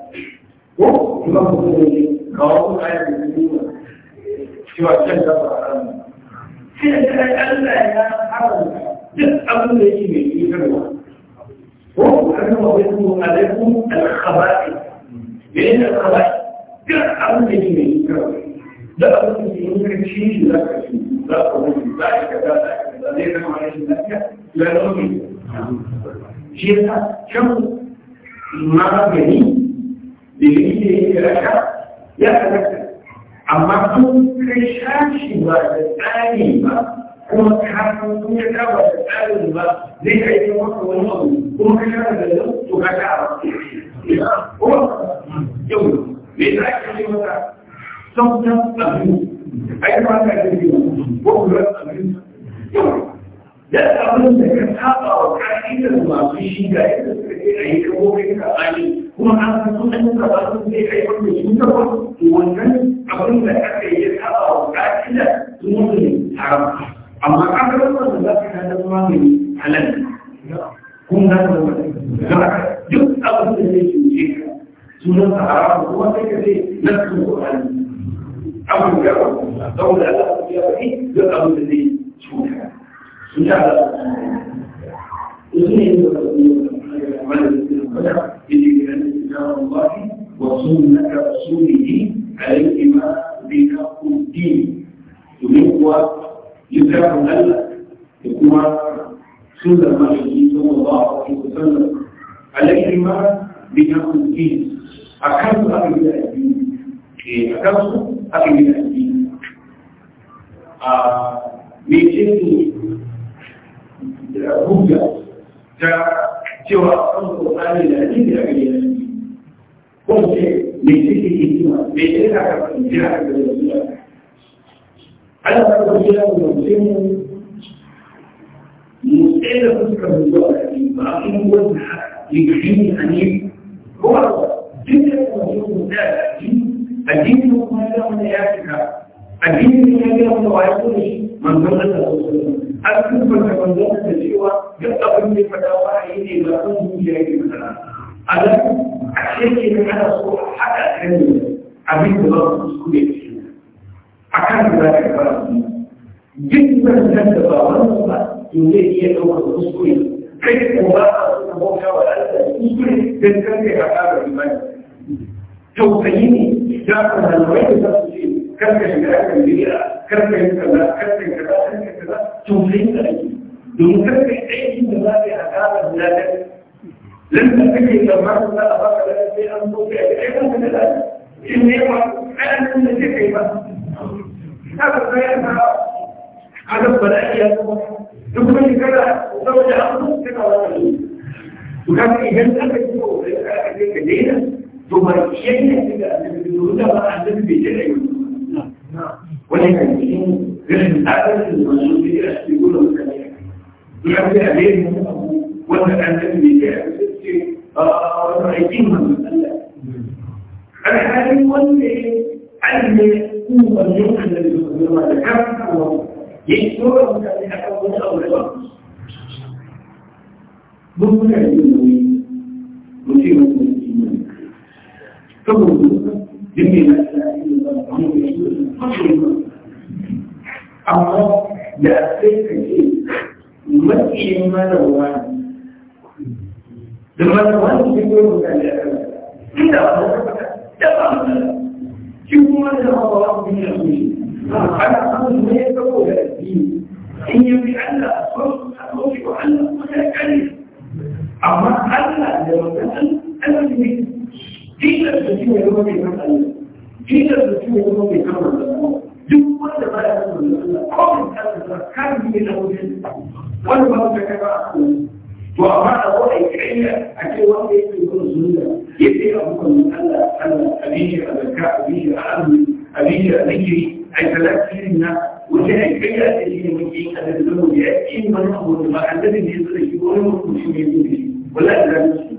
وكمان قالوا عايز يقولوا cewa can da ba haramun sai da Allah ya haramta duk abin da yake mai cutarwa ko an zama wai kuma alaikum alkhaba'i menene alkhaba'i duk abin da yake mai cutarwa da abin da yake mai cikin da ka ci za ka wuce za ka kaza za ka kaza zai zama rashin lafiya ya nauyi shi yasa can magani da yake yi raka ya halatta amma kun kai shashi ba da tsari ba kuma ka kun ya kama da tsarin ba zai kai yin wata wani kuma ka shara da nan to ka sha ba kuma yau me za ka yi mata sauƙin abu ai ba ka yi ko kuma abu yau dan abin da ka saba wa ka'idar masu shi ga yadda suka ce a yi kuma yi wannan abin da aka ya saba wa ka'idar sun wani haram amma an ga wannan da za ka kada magani halal kuma abin da zai cuta وسنة رسوله عليهما بناء الدين domin kuwa littafin Allah da kuma sunnar mahaifi sallallahu alaihi wasallam alaihima binaun din akan su aka gida addini eh akan su aka gida addini a me ce da hujja ta cewa kan kokari da hadisi da gari da ko ce me ce ke hikima me ce ka ka jira ka da zuwa Allah ta ku jira ku ce mu mu sai da fuskar zuwa ba mun wani yigini ani ko dinka da mu da addini ko kuma da mu ya fika addini ne ya ga mu wa ya ko manzon Allah sallallahu alaihi wasallam an kuma da manzon da cewa duk abin da fada wahayi ne ba san zuciya yake masana a nan a cikin ne ana so a haɗa kan abin da ba su kuskure shi a kan da za ka fara su duk zancen da ba wannan ba to zai iya ɗaukar kuskure kai ko ba a so ka bauta wa Allah kuskure don kan kai a ƙara imani tausayi ne شاف ان الوين تفصيل كم كان كم بيئه كم كان كذا كم كان كذا كم كان كذا تملين دون كم اي من ذلك هذا بلادك لم تكن لما لا أبقى لك في أن تطيع بأيضا من الآن إن يقع أنا من الجحيمة هذا البيان هذا البلاء يا يقول كذا وزوج أخذ كذا ولا وكان في جنة تجدوا في الآخر ثم يشيء النبي بيقول ده بقى النبي المدرسة، ولكن غير هذا المنصوب دي بيقولوا مثلا يعني عليه ولا النبي بيجري اه رايتين من الحالي واللي علم هو اليوم الذي يقدر على كم يكثر من الحكم او الوقت ممكن يكون مصيبه saboda jini amma da sai ka ce matsiyin marawa da marawa ne ke kuma mutane a kan inda ba ta fata da ba mutane shi kuma da hawa ba ku yi shi ana samun ne saboda addini in yi bi Allah a sauki wa Allah mutane kare amma Allah da mutane Allah ne jinar da shi ne zama mai kan Allah da shi ne zama mai kan Allah duk wanda ba ya san Allah kawai ta san kan ne da wajen wani ba ta kafa to amma da wani kiyaya a ce wanda yake gurin sunna yake ya hukun Allah Allah abiji a abiji alami abiji a ai talatin na wajen kiyaya da shi ne muke yi a da zuwa ya yi mana abu da ba annabi ne zai shigo ne mutum shi ne zai wallahi da shi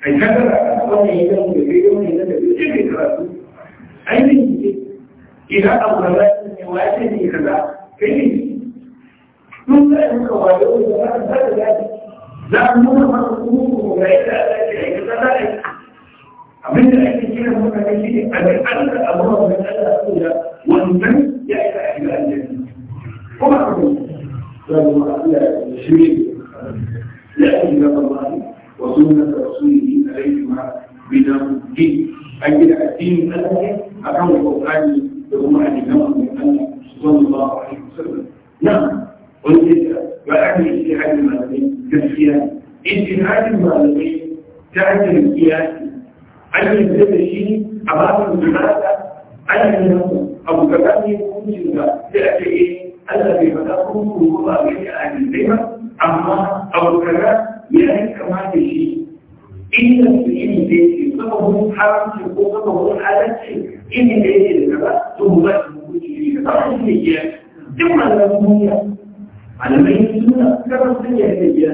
ai kaga wannan ya zama da biyu wannan ya zama da biyu sai kai karatu ai ne idan abu da ne wa ya ce ne kaza kai ne mun ga muka wayo da wannan da da za mu nuna masa kuma ga ita da ake kaza da ake abin da ake kira mutane shi ne a da Allah abu da Allah so ya wannan ya ita a cikin aljanna kuma abin da Allah ya shirye da Allah ya shirye da Allah wa sunnatu rasulih عليهما بنوتي أجل الدين أنه أكون القرآن يقوم عن النوم من صلى الله عليه وسلم نعم قلت وأعني اجتهاد المالكين كالسياسة اجتهاد المالكين تعد السياسي أن يزيد شيء أمام الجماعة أن ينوم أو كمان يكون جدا لأجل الذي بدأكم هو أهل البيت أما أو كمان يعني كمان شيء inda su iri da yake kama wani haramci ko kama wani halarci iri da yake da gaba to mu ba su hukunci da ba su ne gida duk wannan duniya malamai suna kama sun yi da gida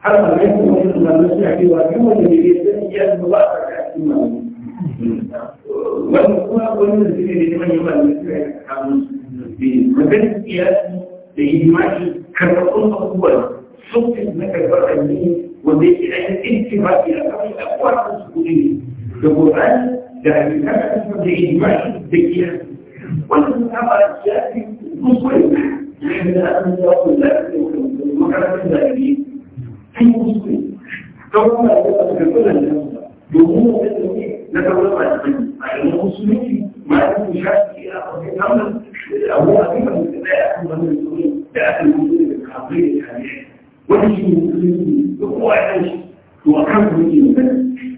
har malamai su wani malamai suna cewa duk wanda da ya san iya da ba a karkashin malamai wani kuma wani da suke da neman yawan malamai suna yi a kamun maganin iya da hidimaki karɓaɓɓun abubuwan sun fi na karɓar addini wanda yake da intifaki a kan abuwa kan su ne da Qur'ani da hadisi da ijma'i da kiyas wannan amma ya fi kuskure ne da an yi wasu da makarantar da ake an kuskure don kuma da ya fi kullum da domin wanda ne na kawai ba da a yanzu musulunci ma ya fi shafi a kwanci kamar abuwa kan da ya fi wani da aka yi da kafin da kafin wani shi ne musulunci da kowa ya ɗan shi to a kan kuma yi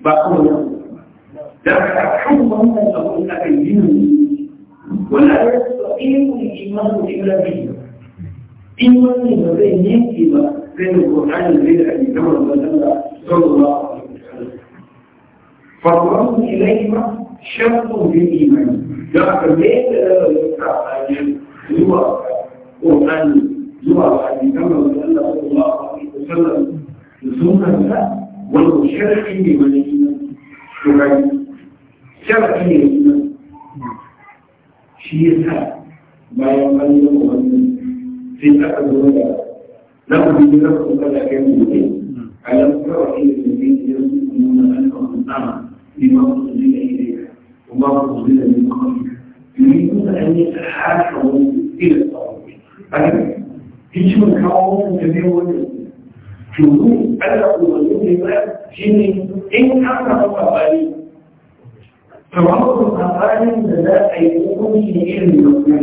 ba kawai ya da ka kan wannan abu da aka yi yin wala ya tsaƙi ne imanu illa bi imani ba zai yanke ba sai da Qur'ani zai da ake gama da Allah sallallahu alaihi wasallam fa qur'anu ilayhima shartun bil iman da ka ne da ka zuwa Qur'ani zuwa ga hadisan manzon Allah sallallahu alaihi wasallam da sunnan sa wannan sharhi ne wani to kai sharhi ne shi yasa bayan an yi wannan sai aka zo da na ubi da ku kada kai mu ne alam tara ila alladhina yasumuna annahum sama bima unzila ilayka وما أنزل من قبلك يريدون أن يتحاكموا إلى الطاغوت hikimar kawo mun da biyu wani turu Allah ko wani ne ba shine in an ka ba bari tawakkalun kafarin da za a yi hukunci irin da kuma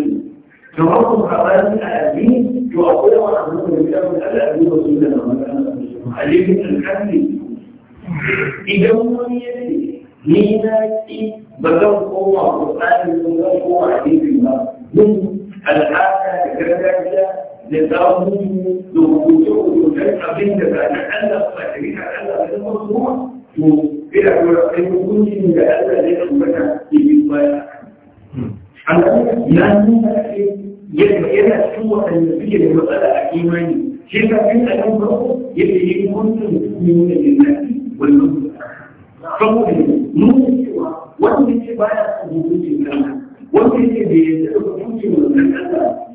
tawakkalun kafarin a abin to akwai wani abu da ya fi Allah abin da su da magana alifin alƙalli idan wani ya ce ni na ki ba zan koma ko tsarin zan koma a ba mun al'ada da gargajiya ya samu da hukuce-hukucen abin da za ta Allah ba ta rika Allah da kuma kuma to ina kura kai hukuncin da Allah ne kan mata ke yi baya. Allah ya nuna ce yadda yana cikin waɗanda suke da matsala a imani shi ka fi a kan farko yadda yi hukuncin mutum da ke nafi wannan saboda nuna cewa wanda ke baya hukuncin Allah wanda ke da yadda hukuncin wannan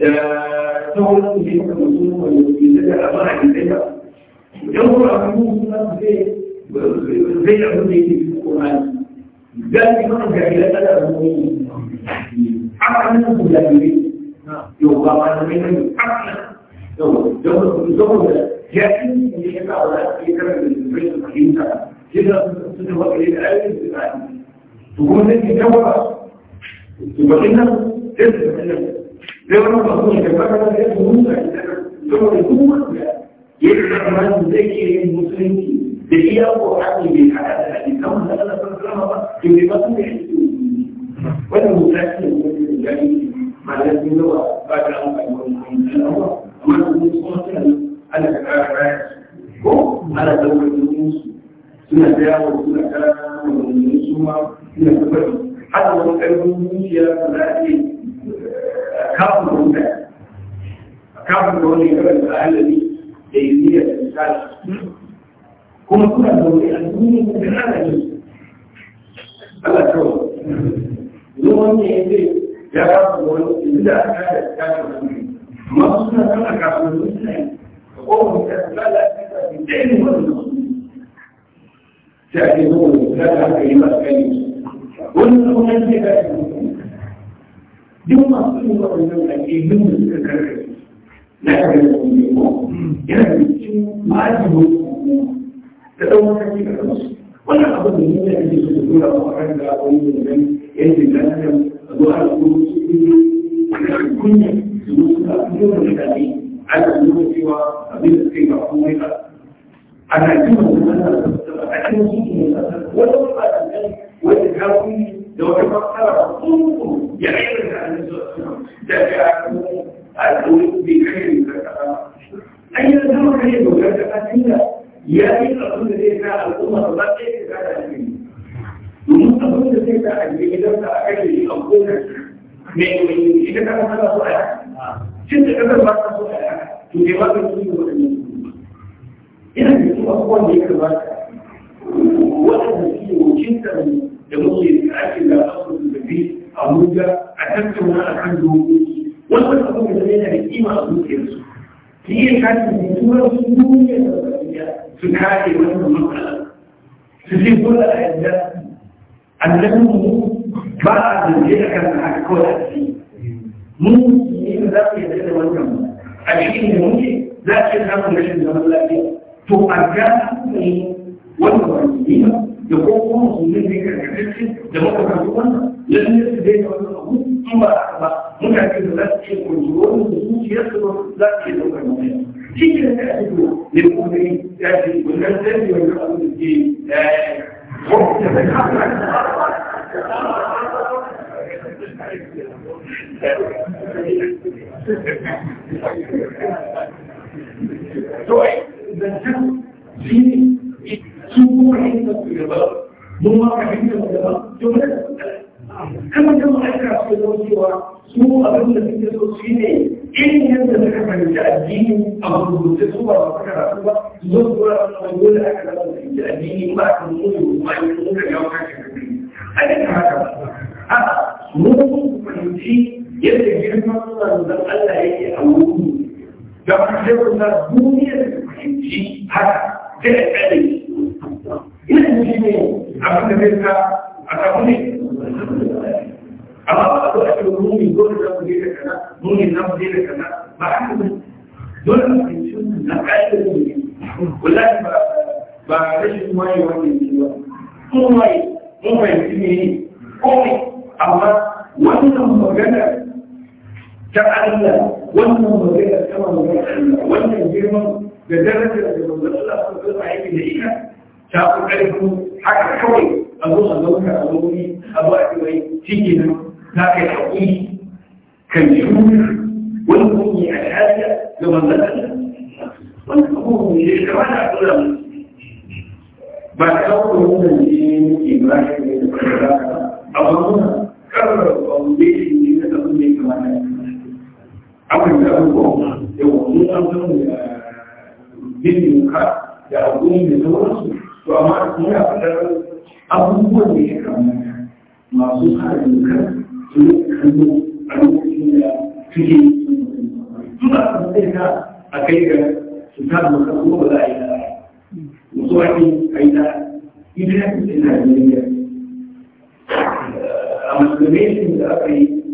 da sauran su ne kan mutum wanda ke daga amana ke daga idan kuma a kan mutum na su zai zai abin da yake cikin ƙorani gani mana jahilai kada a zuwa yi haka nan su jahilai yau ba ma da mai nan haka nan yau da wasu saboda jahilai ne ya kawo da ake karanta da zai su fahimta shi da su da wakilai da ayyukan su da su kuma sai ke jawaba su bakin nan sai su bakin nan لو انا بقول لك بقى ده ممكن لو يكون يقدر ما يذكر المسلمين بهي أقوى حد من حالات الحديث لو أنا أنا فكرة في بطن وأنا متأكد من ذلك هو بعد أن أكون من الأمر ما الذي صنعت أنا كفاءة هو على دور النصوص سنة دعوة سنة كلام وسنة سنة حتى لو كانوا من يا فلان فكافر هنا فكافر هنا يقبل الأهل ليزيد الإنسان كما كنا نقول أن من العالم Allah kawo. Zuwa wani ya ce ya kasu wani inda aka da kasu wani. Amma su suna sana kasu wani ne. Ka kowa mai kasu lalata ta fi ɗaya wani Sai ake zuwa wani ta da aka yi masu gani. Wani kuma ne ya kasu duk masu yin waɗannan yin da suka na daga ko yana da cikin ma'ajin da ɗan wata ke da kansu wannan abin da nuna yake su da tura ba a da wani yanzu yadda da nan a zuwa da kuma su kunya kunya su zo suna fito da mutane ana nuna cewa abin da suke ba komai ba ana jin wani ana a cikin su ne wani ba da wani ta da wata matsala ba kuku ya ayyar da an zuwa da ya kuma a tsoron bai kai da kasa an yi zama kai da wata kasila ya yi abin da zai sa al'umma ba za ta yi da kada domin abin da zai sa a gidan sa a kai da shi a kowane ita kasa tana so a cin da kasar ba ta so a yaka to bai ba ta yi da wani ina da su abubuwan da ya kamata waɗanda ke wucin da da muke tsaki da abubuwan da bi abuja a tattauna a kan dokoki wannan abin da yana da kima a zuciyarsu su iya kafin da turar su duniya da duniya su kare wannan matsala su ji kula a yadda annabin mu ba a zance a kan haka kawai a ciki mun yi za su yadda da wannan a cikin da muke za su yi samun rashin zaman lafiya to a ga ne wannan wani ne da ko kuma musulmi ne kan gaske da makarantu wannan lalle su dai wannan abu in ba haka ba mutane da za su ce kontrolin da zuciyar su za su iya daukar mutum shi ke da quer fito ne kuma ne ya ce wannan quer yi wannan abu quer ke ya yi ko da ta kama to ai zancen shi ne su kuma fahimtar su mun ma su da ba to ne kama da cewa su abin da suke so shi ne in yadda suka fahimci addini a rubuce su ba su karatu ba zo su wura wani dole aka zama fahimci addini ba a kan so su ba ne su ka yawo kashe kabi a ka haka a mun su fahimci yadda girman suna da Allah yake a wuri da ka sai wanda duniya da fahimci haka da a ilimi shi ne abin da zai sa a samu ne amma ba a zo a ce nuni dole za mu je da kaza nuni za mu je da kaza ba a haka dole a fahimci wannan na ƙa'idar ne wallahi ba ba rashin waye wannan ne ba mun waye mun fahimci ne komai amma wannan magana ta Allah wannan magana ta magana Allah wannan girman da darajar da manzon Allah sallallahu alaihi wa yake da ita ta fi ƙarfi haka kawai a zo a zauka a wuri a a wai ciki nan za ka yi haƙuri kan shuru wani kunyi a shari'a ga manzan wani abubuwan da ya kamata a tura mu ba ta kawo wannan ne muke ba shi ne da fara amma muna karɓar foundation ne na abin da ya kamata abin da abubuwa da wani an zama da bin doka da abubuwan da sauransu to amma kuma ya faɗar abubuwan da ya kamata masu kare dokar su ne kallo a lokacin da suke suna kan sai ka a kai ga su ta dokar kuma ba za a yi da musu ake a yi da ita ya fi tsina Najeriya a maslimation da aka yi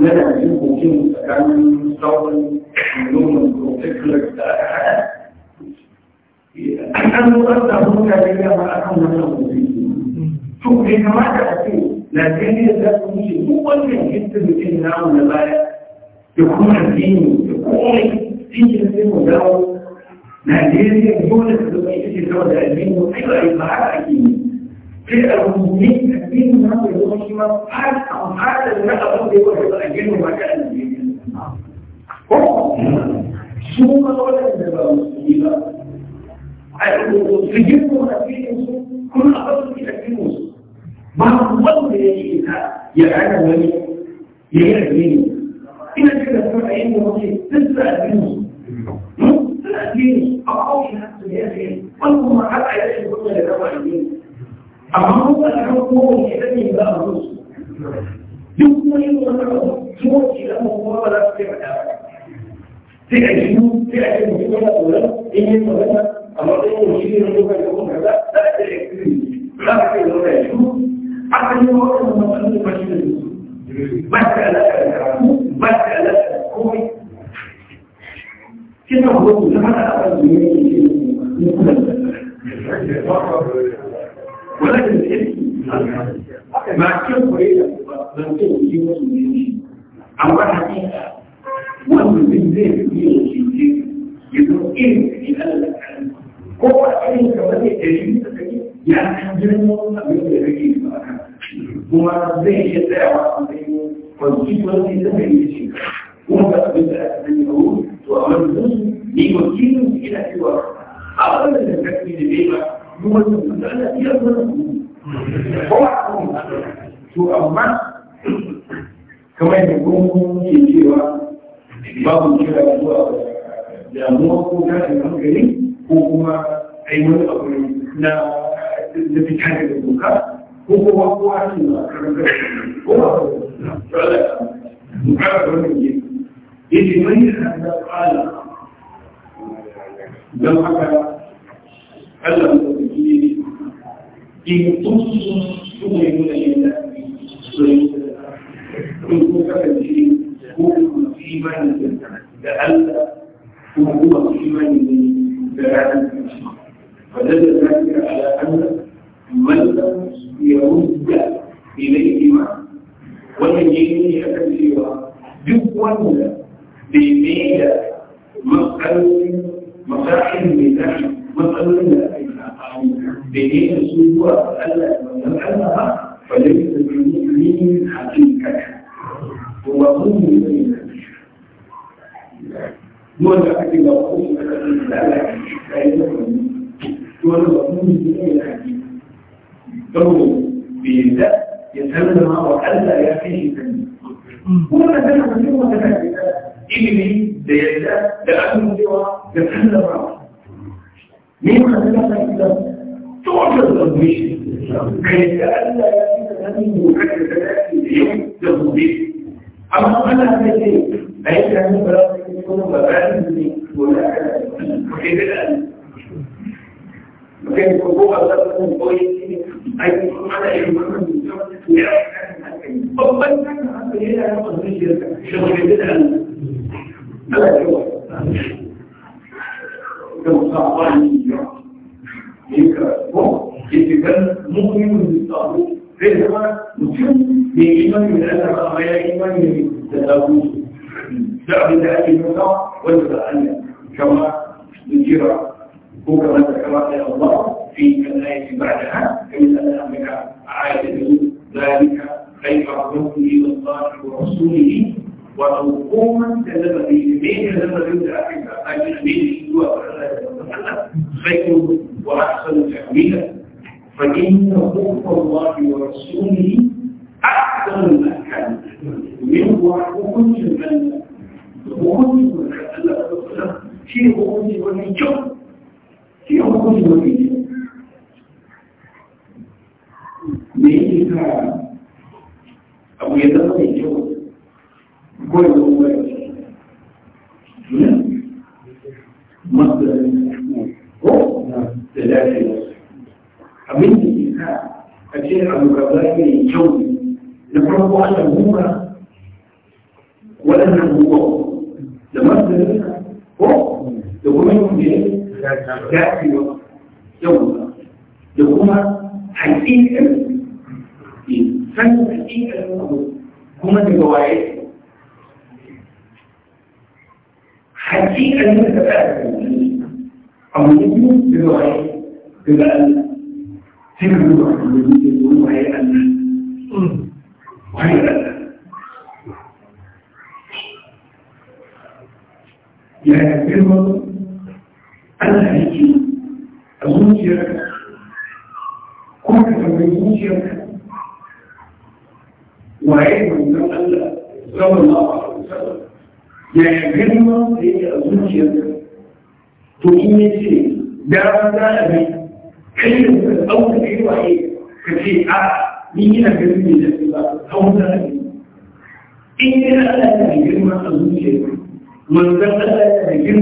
na da jin hukum tsakanin sauran noman protectorate da aka haɗa أنه أنه كذلك ما أكون له شوف ليه كما تأتي لكن إذا كنت هو اللي جد بإننا ونبايا يكون الدين يكون فيه الدين ودعوه نيجيريا دولة الدين دولة الدين أيضا إطلاعات أكيد في الهجومين الدين من هذا الهجوم حال أو حال المدى قد يكون الدين وما كان الدين ثم قال النبي يجبون في نصوص كل أفضل في نصوص ما هو الذي يفعله ولي يهيئ دينه إلى كده فرعين ومضي تسرع دينه تسرع دينه أقوش نفسه يا أخي والله ما حتى يلاشي كل اللي تبع دينه أما هو الحكم هو يحتاج إلى الرسل يقوم يقول لهم تمشي لهم ولا تبعد في عشرين في عشرين في عشرين في عشرين ¡Gracias! عملها في شيء عايز تعمل بلاوي يكونوا مبادئ وكيف الان ممكن يكون فوق او تكون فوق عايز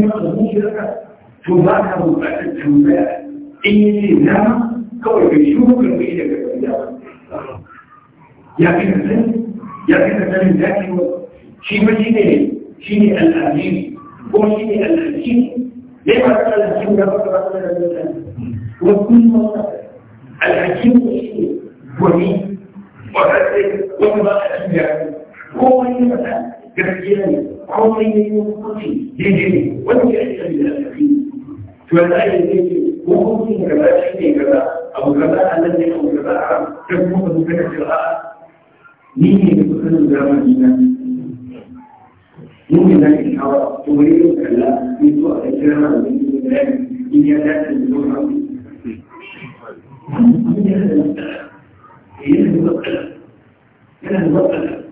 masa zuciyarka to ba ka bukatar tambaya in yi kawai kai shi ko karɓi shi daga gariya ya fi ka ya ka sani da ke shi ba shi ne shi ne ko shi ne ne ba ka al'adini da ba ka ba ka da shi ne gwani ce wani ba a cikin ko wani ba gaskiya komai ne yi hukunci daidai ne wanda ya ce da alƙi to da ai ne ce hukuncin kaza shi ne kaza abu kaza Allah ne abu kaza a ta kuma da kuka ce a ni ne da kuka nan zamani na mun da ke hawa to wani yau kalla ni zo a kira na da ni da ni ya dace da zuwa yana da matsala yana da matsala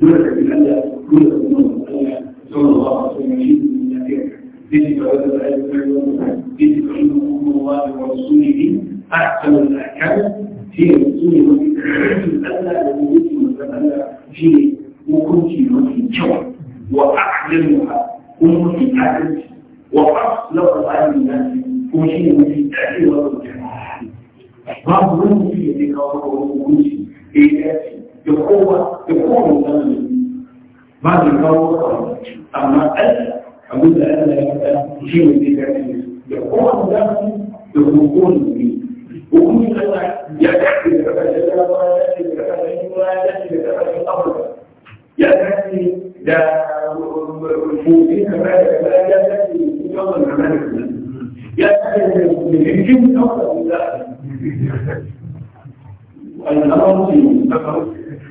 dole ka bi Allah dole ka bi Allah sallallahu alaihi wa sallam يجب على العلم والمسلم يجب علم الله ورسوله احسن الاحكام في رسوله وفي الا الذي يجب في وكنت وفي الجوع واعلمها وفي العدل واصلح العلم الناس وفي وفي التعليم والجماعه بعض من في يدك وكنت اياتي بقوة بقوة مكملة بعد القوة أما أل أقول لا ألا شيء من ذلك بقوة مكملة بقوة مكملة يا أن يأتي بكفاءة يا بكفاءة يا بكفاءة أمرك يا ده فوقين يا لا يأتي يوم أمرك يأتي بكفاءة أمرك الأمر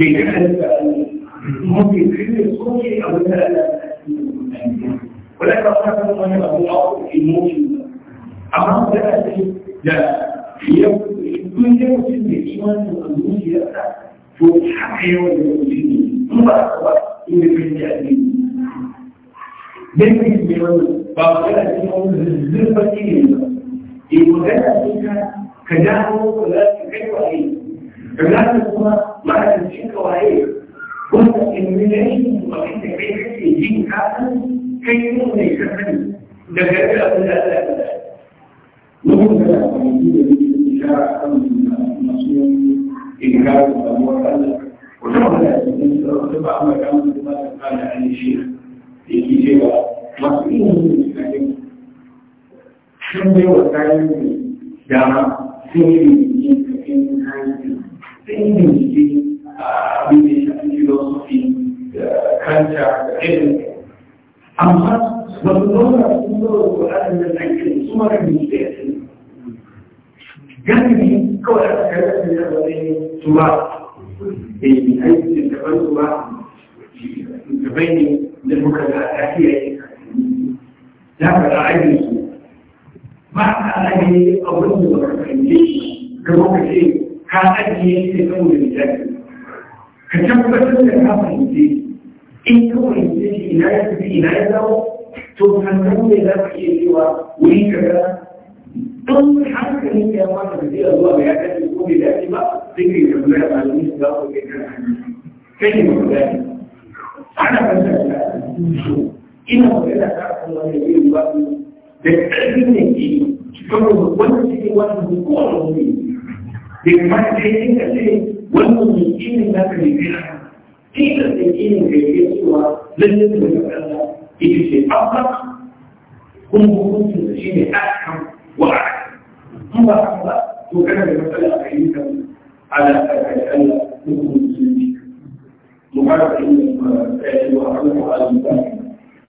ولكن أخذت من الأرض في الموجود أمام ذلك لا يكون يوجد الإيمان والموجود تحقق والموجود ثم أخذ إن في التأمين بالنسبة لباقية يوم الزرفة إلى المدى كجاهه ولا تكيف عليه فلان هو ما الشرك وعيه قلت ان من عين وعند عين يجيب هذا كي يغني كفن لكن لا لا لا نقول لا إنكار الأمور وشوف لا تبع ما كان ما كان عن الشيخ في كتابة مسؤولين من الإسلام شنو وسائل دعم سيري sun bincike a abin da ya shafi filosofi da kanta da amma ba su zauna sun zaura kuɗaɗen da ake su mara bincike a cikin galibi kawai aka kai da kai da su ba da yi aiki eh, da ban su ba da bai ne da muka ga a kiyaye ya faɗa aikin su ba a ajiye abin da ba ka fahimce shi ga ka ajiye shi ne saboda misali ka tabbatar da ka fahimce in ka fahimce shi ina ya tafi ina ya dawo to sannan ne za ka iya cewa wuri kaza don hankalin ya mata da zai zuwa ga ya dace ko bai dace ba sai ka yi tambaya a malamin da ku kai kan kai ne ba dace ana fanta da ina magana ta kan ne yin ba da ƙarfin ne ke kuma wannan cikin wannan kowane wuri بكمان حين الشيء والممكن ما كان يبيعها كيف في الجيد هو لازم يبقى يجي شيء أطلق كل ممكن الشيء أحكم وأحكم هو أحكم وكان المسألة حديثا على أن يكون مسلمين مقارنة وأعلم على المسلمين